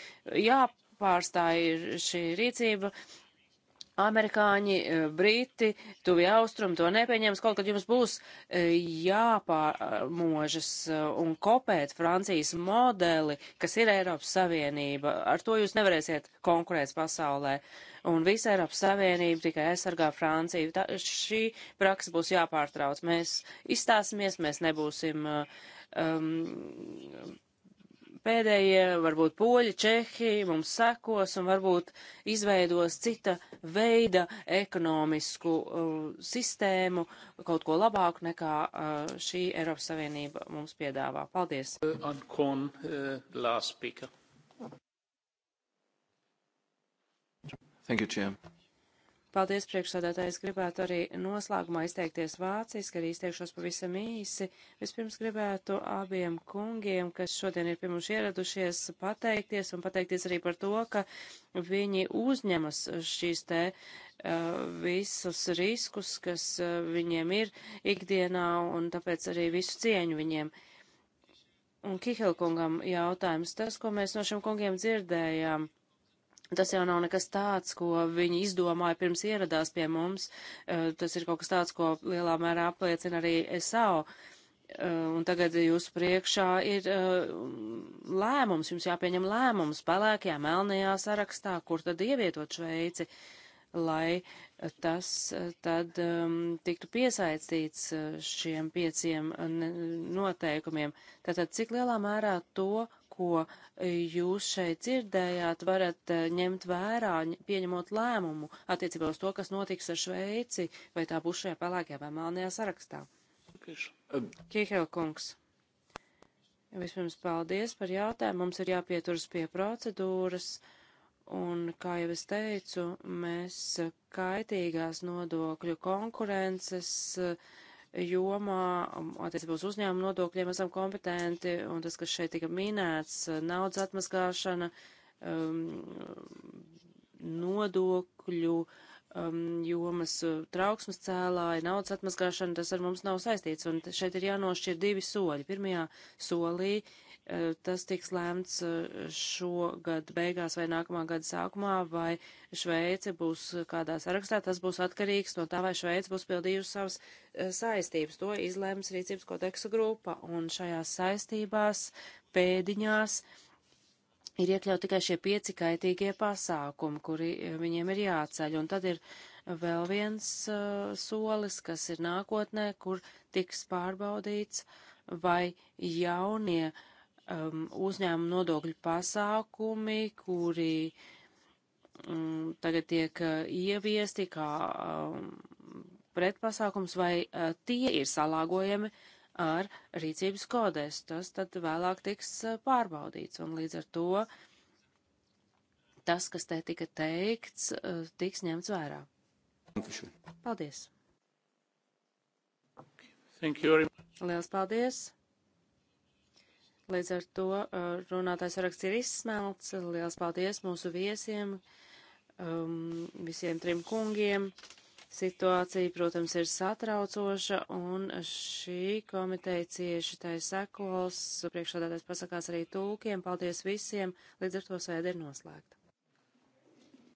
Jā, pārstāja šī rīcība Amerikāņi, e, Briti, tuvi austrumi to nepieņems, kaut kad jums būs e, jāpārmožas e, un kopēt Francijas modeli, kas ir Eiropas Savienība. Ar to jūs nevarēsiet konkurēt pasaulē. Un visa Eiropas Savienība tikai aizsargā Franciju. Tā, šī praksa būs jāpārtrauc. Mēs izstāsimies, mēs nebūsim. Um, pēdējie, varbūt poļi, čehi mums sekos un varbūt izveidos cita veida ekonomisku uh, sistēmu, kaut ko labāku nekā uh, šī Eiropas Savienība mums piedāvā. Paldies! Ancon, uh, Thank you, Chair. Paldies, priekšsādātājs. Gribētu arī noslēgumā izteikties vāciski, arī izteikšos pavisam īsi. Vispirms gribētu abiem kungiem, kas šodien ir pie mums ieradušies, pateikties un pateikties arī par to, ka viņi uzņemas šīs te uh, visus riskus, kas uh, viņiem ir ikdienā, un tāpēc arī visu cieņu viņiem. Un Kihelkungam jautājums, tas, ko mēs no šiem kungiem dzirdējām Tas jau nav nekas tāds, ko viņi izdomāja pirms ieradās pie mums. Tas ir kaut kas tāds, ko lielā mērā apliecina arī SAO. Un tagad jūsu priekšā ir lēmums, jums jāpieņem lēmums pelēkajā melnajā sarakstā, kur tad ievietot Šveici, lai tas tad tiktu piesaistīts šiem pieciem noteikumiem. Tātad, cik lielā mērā to ko e, jūs šeit dzirdējāt, varat e, ņemt vērā, pieņemot lēmumu attiecībā uz to, kas notiks ar Šveici, vai tā būs šajā pelēkajā vai melnajā sarakstā? Kihel kungs. Vispirms paldies par jautājumu. Mums ir jāpieturas pie procedūras. Un, kā jau es teicu, mēs kaitīgās nodokļu konkurences uh, jomā, um, attiecībā uz uzņēmumu nodokļiem esam kompetenti, un tas, kas šeit tika minēts, uh, naudas atmaskāšana, um, nodokļu um, jomas uh, trauksmes cēlāji, naudas atmaskāšana, tas ar mums nav saistīts, un šeit ir jānošķir divi soļi. Pirmajā solī Eh, tas tiks lēmts eh, šo gadu beigās vai nākamā gada sākumā, vai Šveice būs kādā sarakstā. Tas būs atkarīgs no tā, vai Šveice būs pildījusi savas eh, saistības. To izlēms rīcības kodeksa grupa, un šajās saistībās, pēdiņās ir iekļaut tikai šie pieci kaitīgie pasākumi, kuri viņiem ir jāceļ, un tad ir vēl viens uh, solis, kas ir nākotnē, kur tiks pārbaudīts, vai jaunie uh, um, uzņēmumu nodokļu pasākumi, kuri um, tagad tiek uh, ieviesti kā um, pretpasākums, vai uh, tie ir salāgojami ar rīcības kodēs. Tas tad vēlāk tiks uh, pārbaudīts, un līdz ar to tas, kas te tika teikts, uh, tiks ņemts vērā. Paldies! Thank you very much. Liels paldies! Līdz ar to uh, runātājs raksts ir izsmelts. Liels paldies mūsu viesiem, um, visiem trim kungiem. Situācija, protams, ir satraucoša, un šī komiteja cieši tai sekos. Priekšādātais pasakās arī tūkiem. Paldies visiem. Līdz ar to sēde ir noslēgta.